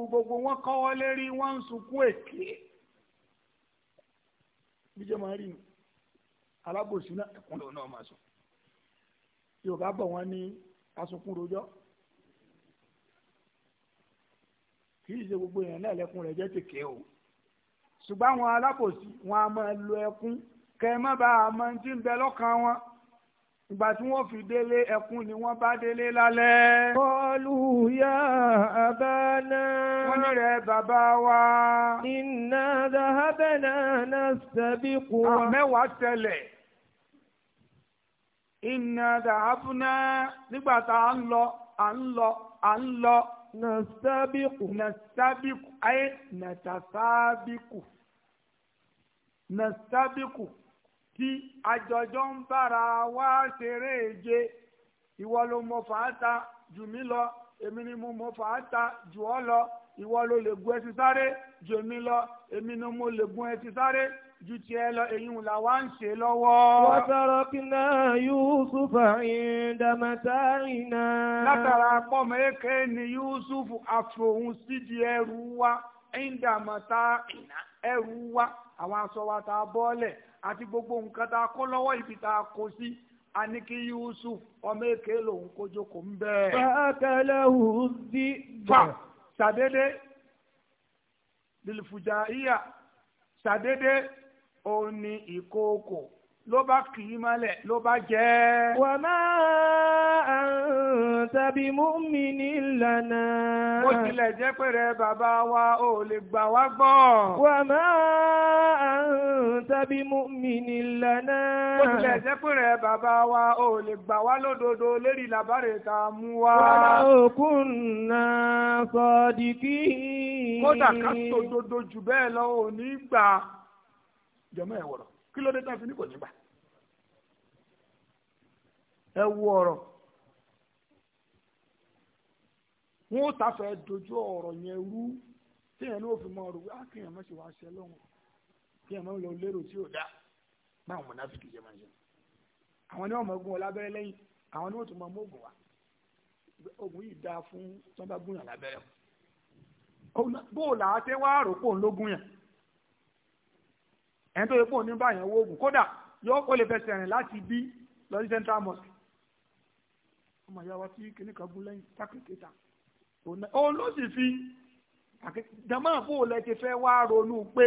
gbogbo wọn kọ́wọ́ lérí wọ́n ń sunkún èké bíjọ́ máa rí alábòsí náà ẹ̀kún lòun náà máa sùn yorùbá bọ̀ wọ́n ní asunkún rojọ́ kì í ṣe gbogbo èèyàn náà lẹ́kún rẹ̀ jẹ́ tèké o ṣùgbọ́n àwọn alábòsí wọn a máa lo ẹkún. E kẹ́ ẹ má bàa mọ tí ń bẹ lọ́kàn wọn ìgbà tí wọ́n fi délé ẹkún ni wọ́n bá délé lálẹ́. kọlu ya abana. wọ́n ní rẹ̀ bàbá wa. iná dáhábẹ́nà náà sẹ́bí kù wá. àmẹ́wàá tẹlẹ̀. iná dáhábẹ́nà nígbà tá à ń lọ à ń lọ à ń lọ. nasabiku. nasabiku ayé natasabiku. nasabiku tí àjọjọ́ ń bára wá ṣeré èje ìwọ ló mọ fàáta jù mí lọ èmi ni mo mọ fàáta jù ọ lọ ìwọ ló lè gun ẹṣin sáré jù mí lọ èmi ni mo lè gun ẹṣin sáré ju tiẹ̀ lọ èyí ń la wá ń ṣe lọ́wọ́. wa tarakna Yusufa inda mata'ina. látara pọ́mọ èké ni Yusuf àfòhùn sídi ẹrù wa inda mata'ina ẹrù wa àwọn aṣọ wa ta bọ́ọ̀lẹ̀ àti gbogbo nǹkan tá a kó lọ́wọ́ ibi tá a kó sí a ní kí Yusuf ọmọ èké lòun kó jókòó ń bẹ́ẹ̀. bákẹ́lẹ́ hù sí. fa sàdédé bilfuja iya sàdédé òun ni ìkookò ló bá kì í mọ́lẹ̀ ló bá jẹ́. wà máa tàbí mú mi ní lànà. ó tilẹ̀ jẹ́ pé bàbá wa ò lè gbà wá gbọ́. wà máa tàbí mú mi ní lànà. ó tilẹ̀ jẹ́ pé bàbá wa ò lè gbà wá lódodo lérí làbárè tá mú wá. wàlá òkun náà sọ̀dìkì. kódà ká sòdodo jù bẹ́ẹ̀ lọ ò ní gbà jọmọ ẹ wọ̀rọ̀. kí ló dé tá a fi ní kò ní gbà ẹ wú ọrọ wọn ò tàfẹ dojú ọrọ yẹn rú téèyàn ní fi mọ ọ̀rọ̀ wá ah, kéèyàn má ṣe wá ṣe lọ́wọ́ kéèyàn má lọ lérò tí ò dá báwọn mọnàfíkì jẹ máa ń ṣe àwọn ni wọn mọ ogun ọlábẹrẹ lẹ́yìn àwọn ni wọn tún mọ ọmọ ogun wa ogun yìí dáa fún tí wọn bá gún yàn lábẹ́rẹ́ o bóòlù àti wàá rò pò ń yàn. ẹni tó yẹ kó ní báyẹn owó oògùn kódà yóò ó lè fẹsẹ̀ rìn láti bí lọ sí central mosque ọmọ ìyá wa tí kìnnì kan gún lẹ́yìn sákèkéta òun ló sì fi jama fún òun lẹ ti fẹ́ wá ronú pé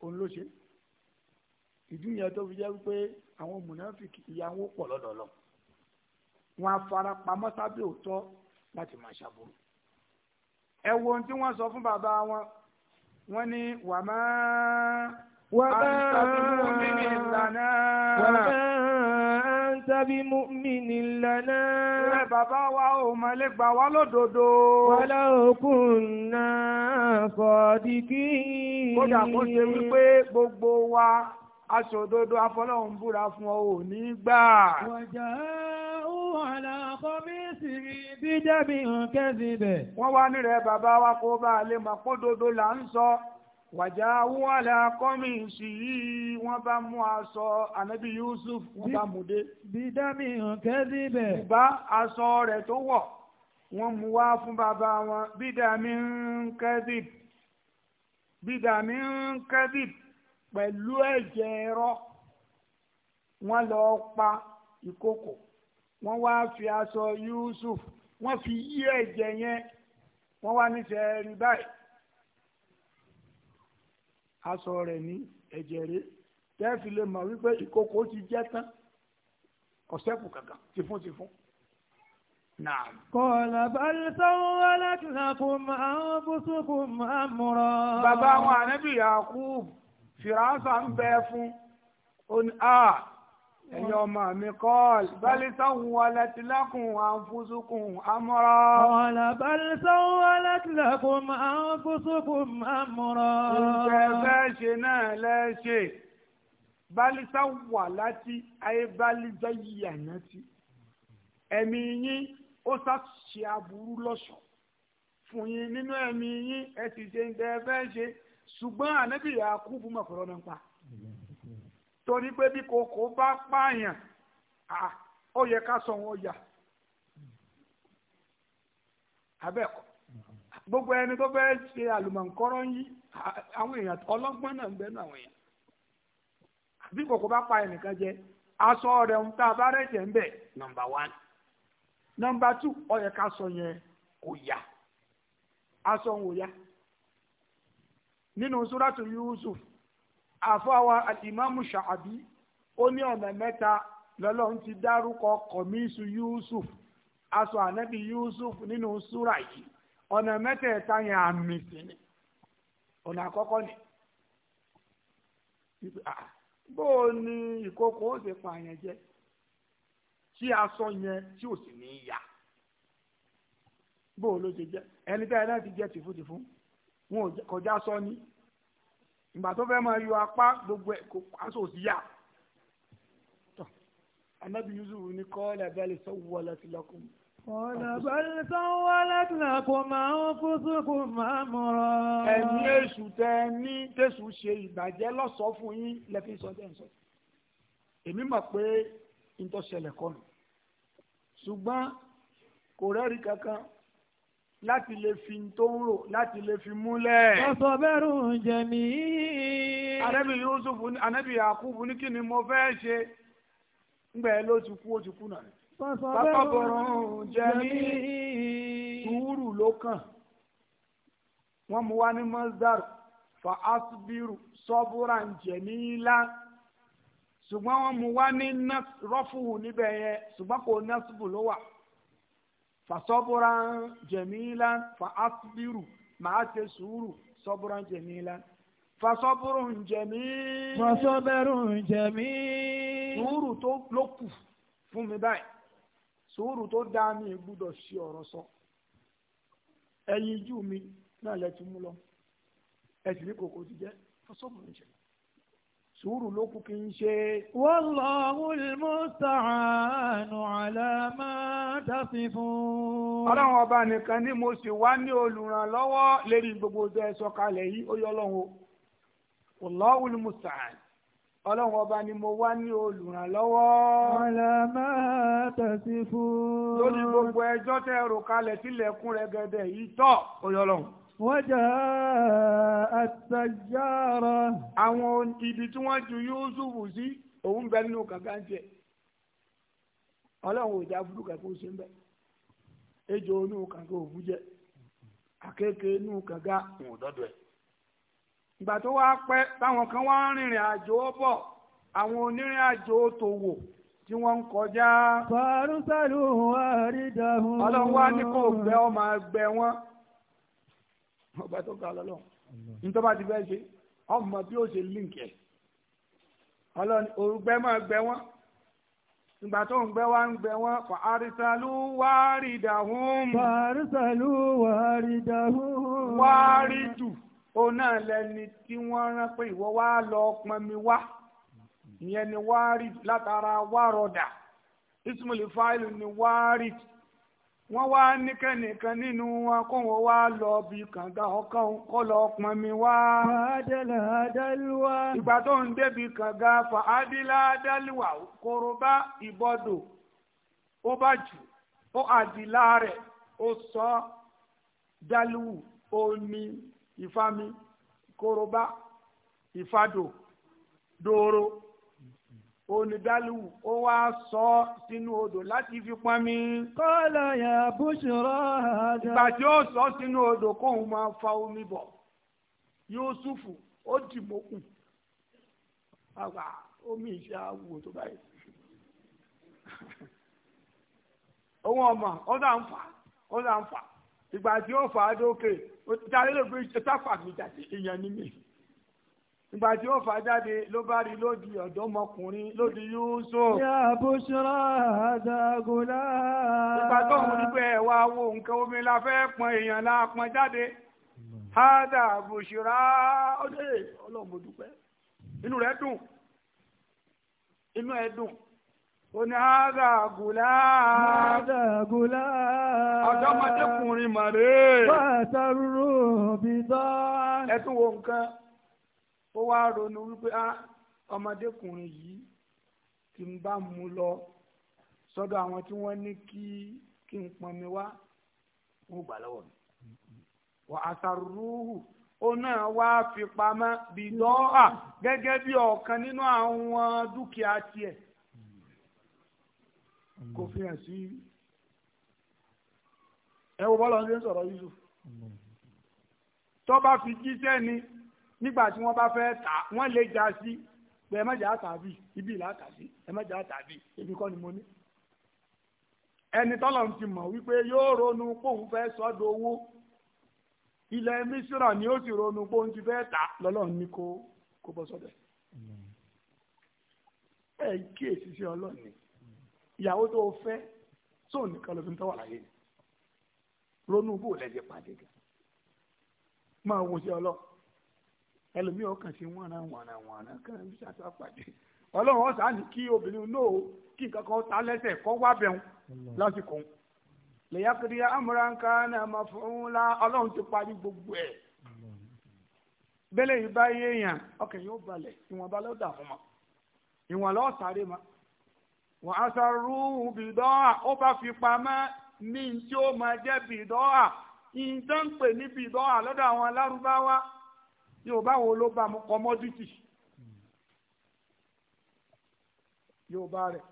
òun ló ṣe ìdí yẹn tó fi jẹ́ wípé àwọn mùnàfíkì ìyàwó pọ̀ lọ́dọ̀ wọn afara pamọ́ sábẹ́ òótọ́ láti máa ṣàbùrù ẹ wo ohun tí wọ́n sọ fún bàbá wọn wọ́n ní wàmá. وما أنت بمؤمن لنا bàbá wa ò mọ̀ lè gbà wá lódodo. Wọ́lá òkun náà fọ̀díkì. Kódà kó ṣe wípé gbogbo wa aṣòdodo afọlọ́hún búra fún ọ ní gbà. Wọ́n wá nírẹ̀ bàbá wa kó bá a lè mọ̀ kó dodo là ń wàjáwó aláàkọ́mì sí i wọ́n bá mú aṣọ ànábì yusuf wọ́n bá mú dé. bídámì hàn kẹ́sí bẹ̀. ìbá aṣọ rẹ̀ tó wọ̀ wọ́n mú wá fún bàbá wọn bídámì kẹ́sí bídámì kẹ́sí pẹ̀lú ẹ̀jẹ̀ ẹ̀rọ wọ́n lọ pa ìkókò wọ́n wá fi aṣọ yusuf wọ́n fi yí ẹ̀jẹ̀ yẹn wọ́n wá níṣẹ́ rí báyìí aṣọ rẹ̀ ní ẹ̀jẹ̀ rẹ̀ tẹ́ẹ̀fì lè mọ̀ wípé ìkókó ti jẹ́ tán ọ̀sẹ́kù kankan tìfún tìfún. Naam. Kọ̀ọ̀lá bàlẹ̀ sọ́wọ́ alákìlákùn àwọn bùsùkùn àmúrọ̀. Bàbá àwọn ànábì Yakub, Fìràṣà ń fún, ó ní, ah, ẹ̀yin ọmọ mi kọ́ọ̀lù bẹ́lísọ̀hún ọlẹ́tìlẹ́kùn àǹfùsùkùn àmúrọ̀. ọ̀là bẹ́lísọ̀hún ọlẹ́tìlẹ́kùn àǹfùsùkùn àmúrọ̀. ìfẹ́ ṣe náà lẹ́ṣẹ̀ bẹ́lísọ̀wà láti ayé bẹ́lísọ̀yìyà náà ti ẹ̀mí yín ó ṣàṣe aburú lọ́ṣọ̀ọ́ fún yín nínú ẹ̀mí yín ẹ sì ṣe ń tẹ́ fẹ́ ṣe ṣùgbọ́n ànábìyà kú fún mọ̀kọ́rọ́ náà torí pé bí kòkó bá pààyàn ó yẹ ká sọ wọn yà abẹ́ẹ̀kọ́ gbogbo ẹni tó fẹ́ ṣe àlùmọ̀ǹkọ́rọ́ yí àwọn èèyàn ọlọ́gbọ́n náà ń bẹ náà àwọn èèyàn bí kòkó bá pa ẹnìkan jẹ aṣọ ń ta ń nọmba one nọmba two ọ yẹ ká sọ yẹn kò yá aṣọ ń wò yá nínú Yusuf àfọwọ́ àdìmọ́mù ṣàbí ó ní ọ̀nà mẹ́ta lọ́lọ́run ti dárúkọ kọ̀mísù yusuf aṣọ ànábì yusuf nínú súrà yìí ọ̀nà mẹ́tẹ̀ẹ̀ta yẹn àmì sí ni ọ̀nà àkọ́kọ́ ni bó o ní ìkókó ó ti pààyàn jẹ tí aṣọ yẹn tí ò sì ní yá bó ló ti jẹ ẹni tẹ́ ẹ náà ti jẹ tìfútìfú wọn kọjá sọ ni ìgbà tó fẹ́ máa yọ apá gbogbo ẹ̀ kó aṣọ òsì yá anabi yusuf ni kọ́ọ̀lá bẹ́ẹ̀ sọ́wọ́lá ti lọ́kùn. kọ́ọ̀lá bẹ́ẹ̀ sọ́wọ́lá ti lọ́kùn máa ń kú sókùn máa mọ̀rọ̀. ẹ̀mí èṣù tẹ ní tẹ̀sù ṣe ìbàjẹ́ lọ́sọ̀ọ́ fún yín lẹ́fí sọ tẹ̀ ń sọ. èmi mọ̀ pé n tó ṣẹlẹ̀ kọ́nù ṣùgbọ́n kò rẹ́rìí kankan láti lè fi tó ń rò láti lè fi múlẹ̀. wọ́n bẹ́rù ń jẹ mí. anabi yusuf anabi yakubu ní kí ni mo fẹ́ ṣe ngbẹ́ ló ti kú ó ti kú náà. wọ́n bẹ́rù jẹ mí. sùúrù ló kàn wọ́n mú wá ní mọ́sdàr fa asbiru sọ́búrà ń jẹ mí lá ṣùgbọ́n wọ́n wá ní rọ́fù níbẹ̀ yẹn ṣùgbọ́n kò nẹ́sùbù wà. فصبرا جميلا فأصبر مع تسور صبرا جميلا فصبر جميل فصبر جميل sùúrù tó lókù fún mi báyìí sùúrù tó dáa mi mi náà sùúrù ló kú kí n ṣe. wallahu al-musta'anu ala ma ọlọ́run ọba nìkan ni mo sì wá ní olùrànlọ́wọ́ lérí gbogbo ọjọ́ ẹ sọ̀kalẹ̀ yìí ó yọ ọlọ́run o. wallahu ọlọ́run ọba ni mo wá ní olùrànlọ́wọ́. ala ma tasifun. lórí gbogbo ẹjọ́ tẹ́ rò kalẹ̀ sílẹ̀kùn rẹ̀ gẹ̀dẹ̀ yìí tọ́ ó yọ ọlọ́run. wọ́jà àtàjára. àwọn ibi tí wọ́n ju Yusuf sí òun bẹ nínú kankan jẹ ọlọ́run ò já fúdù ṣe ń bẹ ejò inú jẹ àkekèé inú kankan òun dọ́dọ̀ ẹ̀. ìgbà tó wá pẹ́ táwọn kan wá ń rìnrìn àjò àwọn onírìn àjò tòwò tí wọ́n ń kọjá. fàrúsàlù wà rí ọ ọba tó ga lọ́lọ́ nítorí bá ti fẹ́ ṣe ọmọ bí ó ṣe líǹkì ẹ̀ ọlọ́ni òrùgbẹ́ máa gbẹ wọ́n ìgbà tó ń gbẹ wá ń gbẹ wọ́n fà àrísàlú wárídàhùn. fàrísàlú wárídàhùn. wárídù òun náà lẹni tí wọ́n rán pé ìwọ wá lọ pọnmi wá ìyẹn ni wárídù látara wárọ̀dà ismail fáìlì ni wárídù. wọ́n wá níkẹ́nìkan nínú wọn kó wọ́n wá lọ bí kànga ọkàn kó lọ pọnmi wá. adala adalwa. ìgbà tó ń débi kànga fa adila adalwa koroba ìbọdò ó bá jù ó àdìlá rẹ̀ ó sọ daliwu omi ìfami koroba ìfadò dòòrò. onídàlù ó wá sọ sínú odò láti fi pọnmi. kọ́lá yà bùsùrọ̀ àjà. ìgbà tí ó sọ sínú odò kóun máa fa omi bọ̀ Yúsúfù ó dì mọ́kùn àgbà omi ìṣe àwò tó báyìí òun ọmọ ọdà ń fà ọdà ń fà ìgbà tí ó fà á dókè ó ti dá lérò pé sáfà mi jáde èèyàn ní mi. Ìgbà tí ó fà jáde ló bá rí lódì ọ̀dọ́mọkùnrin lódì Yusuf. Ya Bushra Adagula. Ìgbà tó ń dúpẹ́ ẹ̀wà wo nǹkan omi la fẹ́ pọn èèyàn la pọn jáde. Ada Bushra Ọdẹ ọlọ́mọ dúpẹ́. Inú rẹ̀ dùn. Inú ẹ̀ dùn. Ó ní Ada Gula. Ada Gula. Ọ̀dọ́mọdékùnrin màrè. Bàtà rúró bìtọ́. Ẹ tún wo nǹkan ó wá ronú wípé á ah, ọmọdékùnrin yìí tí ń bá mú lọ sọ́dọ̀ àwọn tí wọ́n ní kí kí n pọnmi wá wọ́n gbà lọ́wọ́ mi wọ́n àṣàrúhù ó náà wá fi pamọ́ bí lọ́ọ̀à gẹ́gẹ́ bí ọ̀kan nínú àwọn dúkìá tiẹ̀ kò fi hàn sí ẹ wo bọ́lá ń sọ̀rọ̀ Yusuf tó bá fi jíṣẹ́ ni nígbà tí wọ́n bá fẹ́ tà wọ́n lè já sí pé ẹ má jà á tàbí ibi ìlà tàbí ẹ má jà á tàbí ebi kọ́ ni mo ní. ẹni tọ́lọ̀ ti mọ̀ wípé yóò ronú póun fẹ́ sọ́dọ̀ owó ilẹ̀ mísírà ni ó sì ronú póun ti fẹ́ tà lọ́lọ́run ní kó kó bọ́ sọ́dọ̀ ẹ̀ kíyèsí sí ọlọ́run ni ìyàwó tó o fẹ́ tó nìkan ló fi ń tọ́wọ̀ láyé ni ronú bò lẹ́jẹ̀ pàdé gan máa wo sí ọlọ́run ẹlòmíì ọkàn sí wọnà wọnà wọnà kan ṣàṣà pàdé ọlọ́run ọ̀sán ni kí obìnrin náà kí nǹkan kan ta lẹ́sẹ̀ kọ́ wá bẹ̀rù lásìkò lèyàkìrìyà amúranká náà máa fún la ọlọ́run ti parí gbogbo ẹ̀ bẹ́lẹ̀ yìí bá yé ọkàn yóò ó dà fún ma sáré ma bìdọ́à ó bá fi tí ó máa jẹ́ bìdọ́à pè ní bìdọ́à lọ́dọ̀ àwọn alárúbáwá. yorùbá wo ló bá mu commodity yorùbá rẹ̀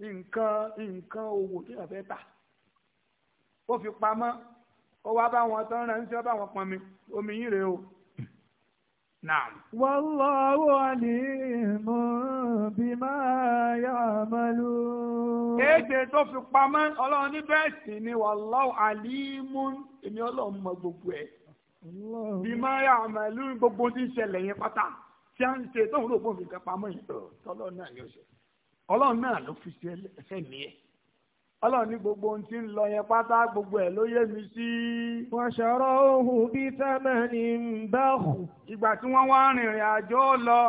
nǹkan nǹkan owó tí wọ́n fẹ́ tà ó fi pamọ́ ó wá bá wọn tán ránṣẹ́ ó bá wọn pọnmi omi yín rèé o. Wallahu alimun bima ya'malun. Kéde tó fi pamọ́ ọlọ́run ní bẹ́ẹ̀ sì ni wallahu alimun èmi ọlọ́run mọ bí máa yà àmàlú gbogbo tí ń ṣẹlẹ̀ yẹn pátá tí a ń ṣe tóun ló gbóhùn nǹkan pamọ́ yẹn tọ́lọ́run náà yóò ṣe ọlọ́run náà ló fi ṣe ẹ̀mí ẹ̀ ọlọ́run ní gbogbo ohun tí ń lọ yẹn pátá gbogbo ẹ̀ ló yé mi sí. wọ́n ṣọ̀rọ̀ ohun bíi sábẹ́ni ń bá ìgbà tí wọ́n wá rìnrìn àjò lọ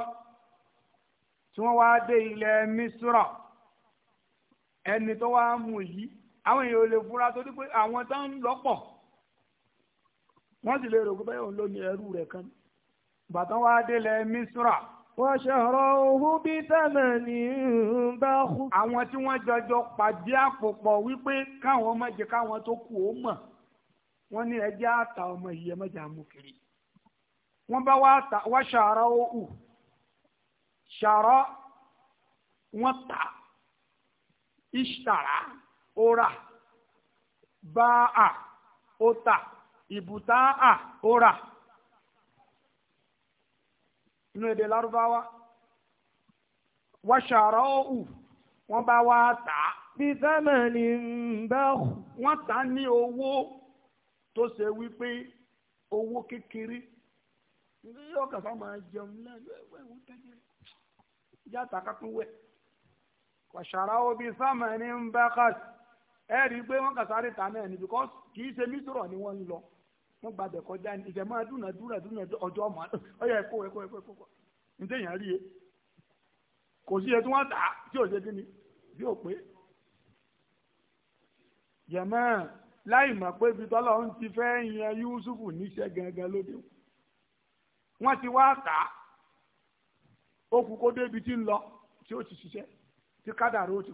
tí wọ́n wá dé ilẹ̀ Misra ẹni tó wá mú yìí àwọn èèyàn ò wọ́n sì lè rò pé báyọ̀ ló ní ẹrú rẹ̀ kan bàtán wá délẹ̀ Misra. wọ́n ṣọ̀rọ̀ òhun bí tẹ̀lẹ̀ ní bá kú. àwọn tí wọ́n jọjọ pàdé àpòpọ̀ wípé káwọn ọmọ jẹ káwọn tó kù ó mọ̀ wọ́n ní ẹjẹ́ àtà ọmọ yìí ẹ mọ̀jà mú kiri. wọ́n bá wá ta wá ṣàrọ̀ òhù ṣàrọ̀ wọ́n ta ìṣàrà ó rà bá a ó ta ìbùtá à ó rà inú èdè lárúbáwá wàṣàrọ̀ òwù wọ́n bá wá tà á. bí sẹ́mẹ̀lì ń bẹ́ ọ̀. wọ́n tà á ní owó tó ṣe wípé owó kékeré yóò kàn fún máa jẹun lẹ́nu ẹ̀wẹ̀ ẹ̀wọ̀n tẹ́jẹ́ yàtà kápẹ́ wẹ̀. wàṣàrọ̀ òwù bí sẹ́mẹ̀lì bẹ́ ọ̀. ẹ rí i pé wọ́n kàn sáré tà náà ni because kì í ṣe mísírọ̀ ni wọ́n ń lọ. wọ́n gba bẹ̀ kọjá ní ìjẹ́ máa dúnàdúrà dúnàdúrà ọjọ́ ọmọ ọyọ ẹ̀kọ́ ẹ̀kọ́ ẹ̀kọ́ ẹ̀kọ́ ǹjẹ́ rie, rí e kò sí ẹtí wọ́n tà tí ò ṣe kí ni bí ò pé. jẹ̀mọ́ láì mọ̀ pé ń ti fẹ́ yan Yusufu níṣẹ́ gangan lóde wọ́n ti wá tà lọ tí ó ti ṣiṣẹ́ tí kádàrú ó ti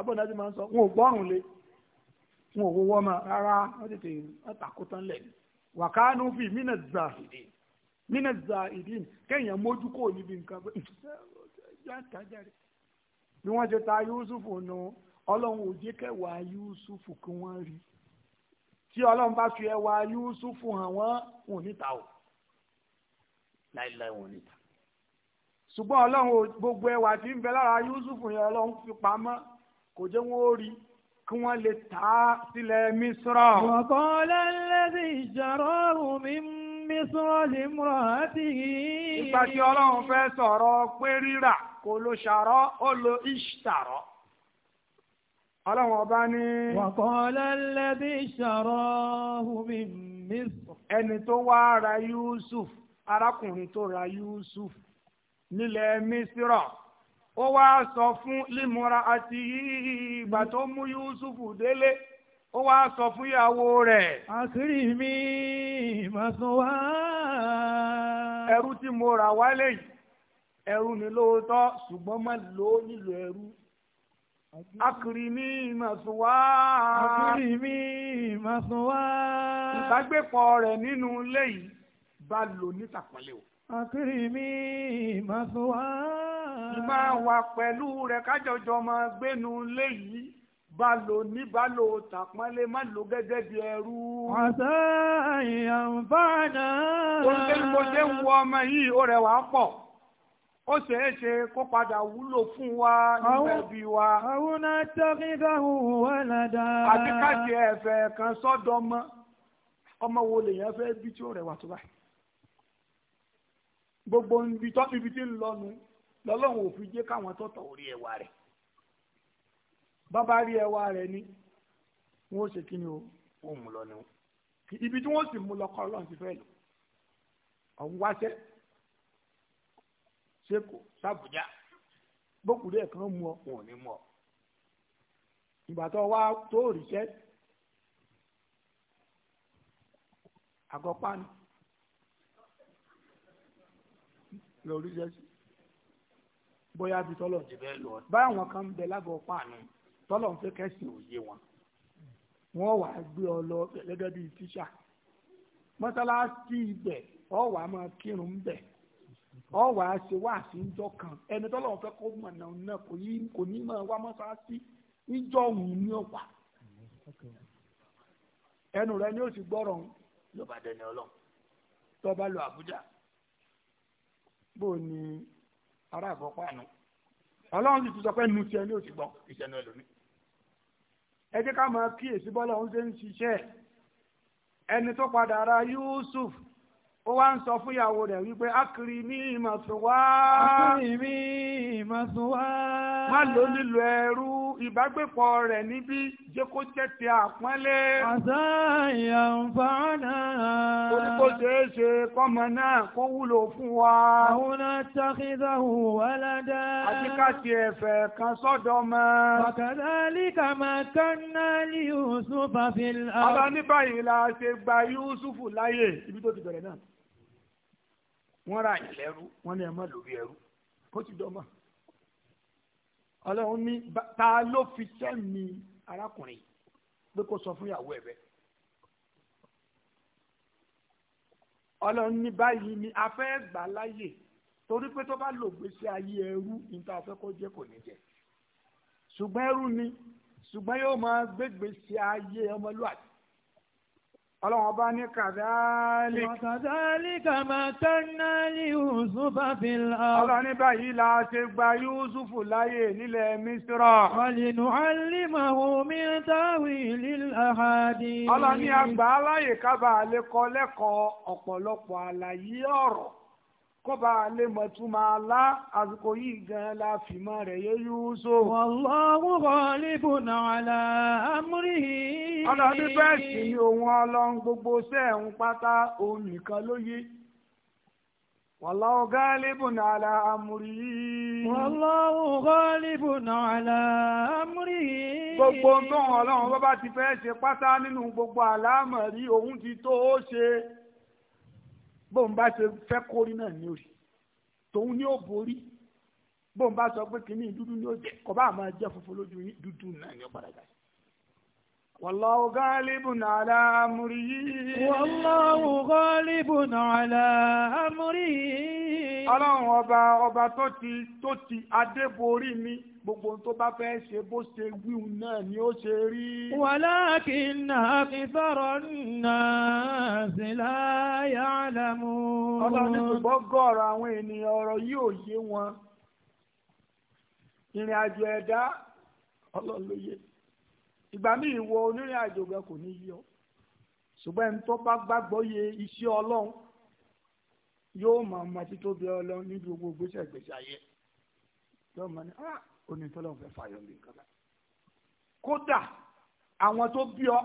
abọ́dájú máa ń sọ wọn ò gbọ́rùn lé wọn ò wọ́wọ́ ọmọ rárá wọ́n tètè ọ̀tàkùtàn lẹ̀ wàkánú fi mínà zà ìdí mínà zà ìdí kéèyàn mójú kò níbi nǹkan pé jájájáre bí wọ́n ṣe ta Yusufu nu ọlọ́run ò jẹ́ kẹwàá Yusufu kí wọ́n rí tí ọlọ́run bá fi ẹwà Yusufu hàn wọ́n wọn ò níta o láìláì wọn ò níta ṣùgbọ́n ọlọ́run gbogbo ẹwà tí ń bẹ lára Yusufu yẹn ọlọ́run fi pamọ́ kò jẹ́ wọ́n ó rí kí wọ́n lè tà á sílẹ̀ mísírà. wàkọ́lá lẹ́sí ìjọ̀rọ̀ omi mísírà lè múra sí i. ìgbà tí ọlọ́run fẹ́ sọ̀rọ̀ pé rírà kò lo ṣàrọ̀ ó lo ìṣàrọ̀. ọlọ́run ọba ní. wàkọ́lá lẹ́sí ìjọ̀rọ̀ omi mísírà. ẹni tó wá ra Yusuf arákùnrin tó ra Yusuf nílẹ̀ mísírà ó wá sọ fún límúra àti ìgbà tó mú Yusuf délé ó wá sọ fún ìyàwó rẹ̀. àṣírí mi máa san wá. ẹrú tí mo rà wálé yìí ẹrú ni lóòótọ́ ṣùgbọ́n má lò ó nílò ẹrú. Akìrìmí Màsùnwá. Akìrìmí Màsùnwá. Ìbágbépọ̀ rẹ̀ nínú ilé yìí bá lò ní tàpọ̀lẹ́ akérèmí màsùwà. ìmọ̀ wà pẹ̀lú rẹ̀ kájọjọ máa gbénu léyìí balo ní balo tàpọ́nlé má lò gẹ́gẹ́ bí ẹrú. àṣà ìyànfààná. oúnjẹ ń wọ ọmọ yìí ó rẹwà pọ̀ ó ṣeé ṣe kó padà wúlò fún wa nínú ẹbí wa. àwọn atẹ́kídáhù wà ládàá. àti káàkiri ẹ̀fẹ̀ kan sọ́dọ̀ ọmọ ọmọ wo lèèyàn fẹ́ bí tí ó rẹwà tó báyìí gbogbo ibi tó ibi tí ń lọnu lọ́lọ́run ò fi jẹ́ káwọn tọ̀tọ̀ orí ẹwà rẹ̀ bàbá rí ẹwà rẹ̀ ni wọ́n ṣe kí ni o ò mú lọ ni o ibi tí wọ́n sì mú lọ kọ́ ọlọ́run ti fẹ́ lò ọ̀hún wáṣẹ́ seko sàbùjá gbókùdé ẹ̀kan mú ọ wọn ò ní mú ọ ìgbà tó wá tó òrìṣẹ́ àgọ́pá ni. lọ rí jẹ́sí bóyá bí tọ́lọ̀ ti lọ báwọn kan ń bẹ lábọ̀ pààyàn tọ́lọ̀ ń fẹ́ òye wọn wọ́n wà á gbé ọ lọ gẹ́gẹ́ bíi tíṣà mọ́sálásí ibẹ̀ ọ wà á máa kírun bẹ̀ ọ wà á ṣe wá kan ẹni tọ́lọ̀ ń fẹ́ kó mọ̀ náà kò ní kò ní máa wá mọ́sálásí ìjọ òun ní ọ̀pá ẹnu rẹ ni ó ti gbọ́rọ̀ ń lọ́ba dẹni bó ni ará àgbọ̀ pàánù ọlọ́run sì ti sọ pé nu tiẹ̀ ní òsì gbọ́ ìṣẹ̀nu ẹlòmí ẹ jẹ́ ká máa kíyèsí bọ́lá òun ṣe ń ṣiṣẹ́ ẹni tó padà ra Yusuf ó wá ń sọ fún ìyàwó rẹ̀ wípé akiri mi ìmọ̀sùn wá. akiri mi ìmọ̀sùn wá. má ló nílò ẹrú ìbágbépọ̀ rẹ̀ níbí jẹ́ kó jẹ́ ti àpọ́nlé. àṣà ìyànfà náà. torí kó ṣeé ṣe kọ́mọ náà kó wúlò fún wa. àwọn àtàkìdá wà ládàá. àti ká ti ẹ̀fẹ̀ kan sọ́dọ̀ mọ́. bàkàrà líkà máa Yusuf àfin. àbá ní báyìí la ṣe gba Yusuf láyè ibi tó ti bẹ̀rẹ̀ náà. wọ́n ra àyẹ̀lẹ́rú wọ́n ní ẹ má lórí ẹrú kó ti dọ́ ọlọ́run ní ta ló fi sẹ́mi arákùnrin pé kó sọ fún ìyàwó ẹ̀ bẹ́ẹ̀. ọlọ́run ní báyìí ni a fẹ́ gbà láyè torí pé tó bá lò gbèsè ayé ẹrú níta a kó jẹ́ kò ní jẹ́ ṣùgbọ́n ẹrú ni ṣùgbọ́n yóò máa gbégbèsè ayé ọmọlúwàbí ọlọ́run ọba ní kàdáálì. kàdáálì kàmá kánná ní yusufa fìlà. ọlọ́run ní báyìí la ṣe gba yusufu láyè nílẹ̀ misra. wàlínú alímọ̀hún mi táwì lílàhádì. ọlọ́run ní àgbà aláyè kábàá lè kọ́ lẹ́kọ̀ọ́ ọ̀pọ̀lọpọ̀ àlàyé ọ̀rọ̀ kọ́ba lè mọ̀ máa lá àsìkò yìí gan-an la fìmọ̀ rẹ̀ yé yúúsó. wallahu ghalibun ala amrihi. ọlọ́dún bẹ́ẹ̀ sì ni ọlọ́run gbogbo sẹ́ẹ̀hún pátá òun nìkan ló yé. wallahu ghalibun ala amrihi. wallahu ghalibun ala amrihi. gbogbo ohun tó ń ọlọ́run bá ti fẹ́ ṣe pátá nínú gbogbo àlámọ̀rí òun ti tó ó ṣe bóun bá ṣe fẹ́ kórí náà ní òrì tòun ní ó borí bóun bá sọ pé kínní dúdú ní ó jẹ kọ́ bá máa jẹ́ funfun lójú dúdú náà ní ó والله غالب على أمره والله غالب على أمره ọlọ́run ọba ọba tó ti tó ti adéborí mi gbogbo tó bá fẹ́ ṣe bó ṣe wíwù náà ni ó ṣe rí. walakinna akthara nnasi la ya'lamun. ọlọ́run ṣùgbọ́n gọ̀ọ̀rọ̀ àwọn ènìyàn ọ̀rọ̀ yìí ò yé wọn. ìrìn àjò ẹ̀dá ọlọ́run ló yé ìgbà míì wo onírìn àjò gan kò ní yọ ṣùgbọ́n ẹni tó bá gbàgbọ́ yẹ iṣẹ́ ọlọ́run yóò máa mọ títóbi ọlọ́run níbi gbogbo gbèsè gbèsè ayé yóò máa ní ah onítọ́lọ́run fẹ́ fààyàn mi nǹkan báyìí kódà àwọn tó bí ọ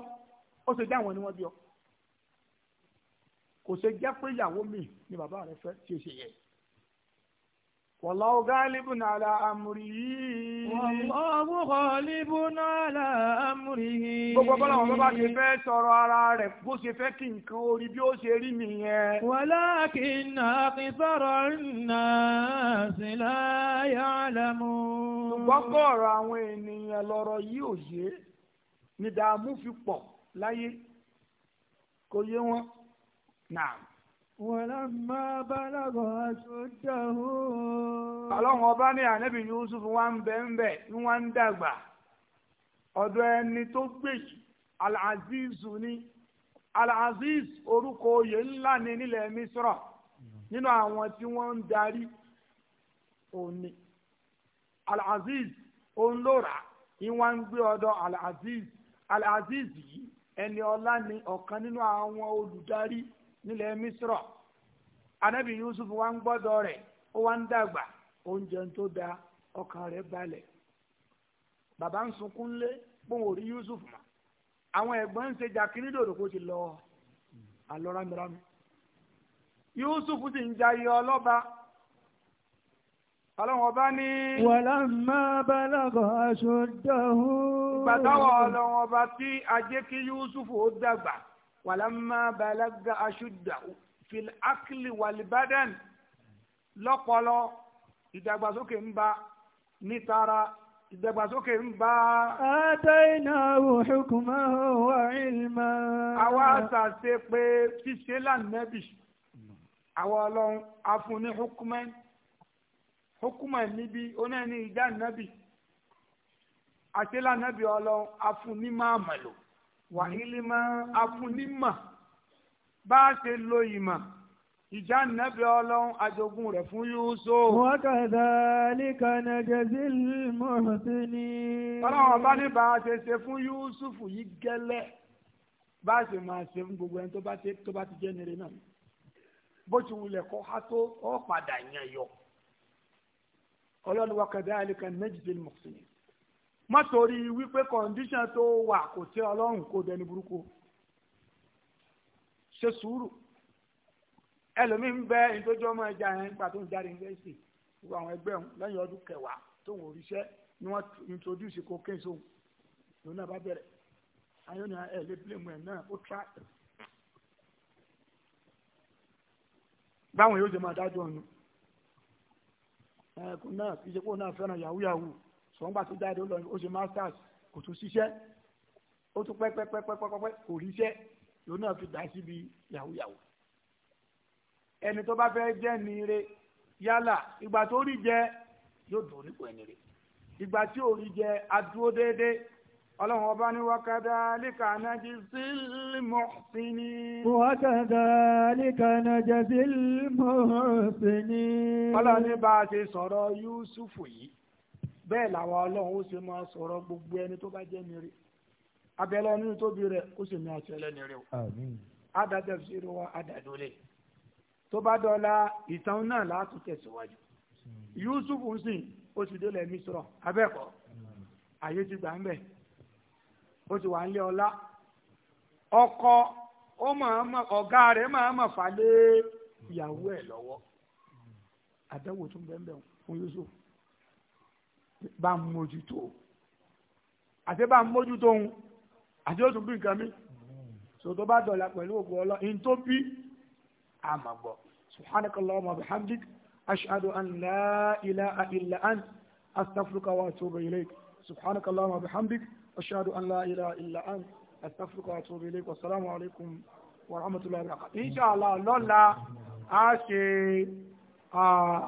ó ṣe jẹ́ àwọn ni wọ́n bí ọ kò ṣe jẹ́ pé ìyàwó mi ni bàbá rẹ fẹ́ ṣe ṣe yẹn والله ghalibun ala amrihi. والله ghalibun ala amrihi. Gbogbo bọ́lá wọn bá ṣe fẹ́ sọ̀rọ̀ ara rẹ̀ bó ṣe fẹ́ kí nǹkan orí bí ó ṣe rí nìyẹn. Walakinna akthara an-nasi la ya'lamun. Ṣùgbọ́n kọ́ àwọn ènìyàn lọ́rọ̀ yìí ò yé. Nìdààmú fi pọ̀ láyé. Kò yé wọn. Nàá. Wọ̀lámá bálágọ̀ aṣọ́jáhó. Ọlọ́run ọba ní ànábì Yusuf wá ń bẹ ń bẹ ní wá ń dàgbà. Ọ̀dọ̀ ẹni tó gbèyí, Al-Azizu ni. Al-Aziz orúkọ oyè ńlá ni nílẹ̀ Mísírà nínú àwọn tí wọ́n ń darí òní. Al-Aziz òun ló rà ní wá ń gbé ọ̀dọ̀ Al-Aziz. Al-Aziz yìí ẹni ọlá ni ọ̀kan nínú àwọn olùdarí nílẹ̀ misrọ anabi yusuf wa ń gbọ́dọ̀ rẹ̀ ó wá ń dàgbà oúnjẹ tó da ọkàn rẹ̀ balẹ̀ bàbá ń sunkún lé pòun ò rí yusuf mọ́ àwọn ẹ̀gbọ́n ń ṣe jàkínnídòdò kó ti lọ àlọ́ yusuf sì ń jayé ọlọ́ba ọlọ́run ọba ní. walamma balagha ashuddahu. ìgbà táwọn ọlọ́run ọba tí ajé kí yusuf ó dàgbà walamma balagha ashuddahu fil akli wal badan lọ́pọlọ ìdàgbàsókè ń bá nítara ìdàgbàsókè ń bá. atainahu hukman wa ilma. àwa àṣàṣe pé ṣíṣe lànàbì àwa ọlọ́run afúnni hukman hukman níbi onáni ìjà nàbì àṣẹ lànàbì ọlọ́run afúnni máa mọ̀ wàhílímọ́ afúnímọ̀ bá a ṣe lo ìmọ̀ ìjà nẹ́bẹ̀ ọlọ́run àjogún rẹ̀ fún Yusuf. wa kadhalika najzil muhsinin. ọlọ́run bá ní bá a ṣe ṣe fún Yusuf yìí gẹ́lẹ́ bá a ṣe máa ṣe fún gbogbo ẹni tó bá ti jẹ́ nire náà bó ti wulẹ̀ kọ́ ha tó ọ̀ padà yàn yọ ọlọ́run wa kadhalika najzil muhsinin má torí wípé kọ̀ǹdíṣàn tó wà kò tẹ́ ọlọ́run kó dẹni burúkú ṣe sùúrù ẹlòmíín bẹ ìtọ́jú ọmọ ẹja yẹn nígbà tó ń jáde yunifásitì gbogbo àwọn ẹgbẹ́ òun lẹ́yìn ọdún kẹwàá tó ń oríṣẹ́ ni wọ́n introduce cocaine sóhun lòun náà bá bẹ̀rẹ̀ ayọ́ ni ẹ lè blame ẹ̀ náà ó tra báwọn yóò ṣe máa dájọ́ ọ̀nà ẹ̀kún náà kì í ṣe pé òun náà fẹ́ràn yahoo yahoo sọ̀ngbà tó jáde ó lọ ó ṣe masters kò tún ṣiṣẹ́ ó tún pẹ́pẹ́pẹ́pẹ́pẹ́ kò ríṣẹ́ ló náà fi dá síbi yahoo yahoo ẹni tó bá fẹ́ jẹ́ ni re yálà ìgbà tó rí jẹ yóò dùn nípò ẹni re ìgbà tí ò rí jẹ adúró déédéé ọlọ́run ọba ní wákàdá líka anájí sílmọ̀síní. wákàdá líka anájí sílmọ̀síní. ọlọ́run ní bá a ṣe sọ̀rọ̀ Yúsùfù yìí bẹ́ẹ̀ làwọn ọlọ́run ó ṣe máa gbogbo ẹni tó bá jẹ́ nire abẹ́lẹ́ nínú tóbi rẹ̀ ó sì ní o adàtẹ̀ fi rí wa adàdúlẹ̀ tó bá dọ̀la ìtàn náà láti tẹ̀síwájú Yusuf ń ó ti délẹ̀ Misra abẹ́kọ̀ ayé ti gbà ń bẹ̀ ó ti wà ń lé ọlá ọkọ rẹ̀ máa ma fà bá ń mójútó àti bá ń mójútó òun àti ó tún bí nǹkan mi sòtò bá dọ̀là pẹ̀lú òkú ọlọ́ in tó bí àmà gbọ́ subhanakallahumma wa bihamdik ashhadu an la ilaha illa ant astaghfiruka wa atubu ilayk subhanakallahumma wa bihamdik ashhadu an la ilaha illa ant astaghfiruka wa atubu ilayk wasalaamu alaykum wa rahmatullahi wa barakatuh inshallah lọ́la a ṣe.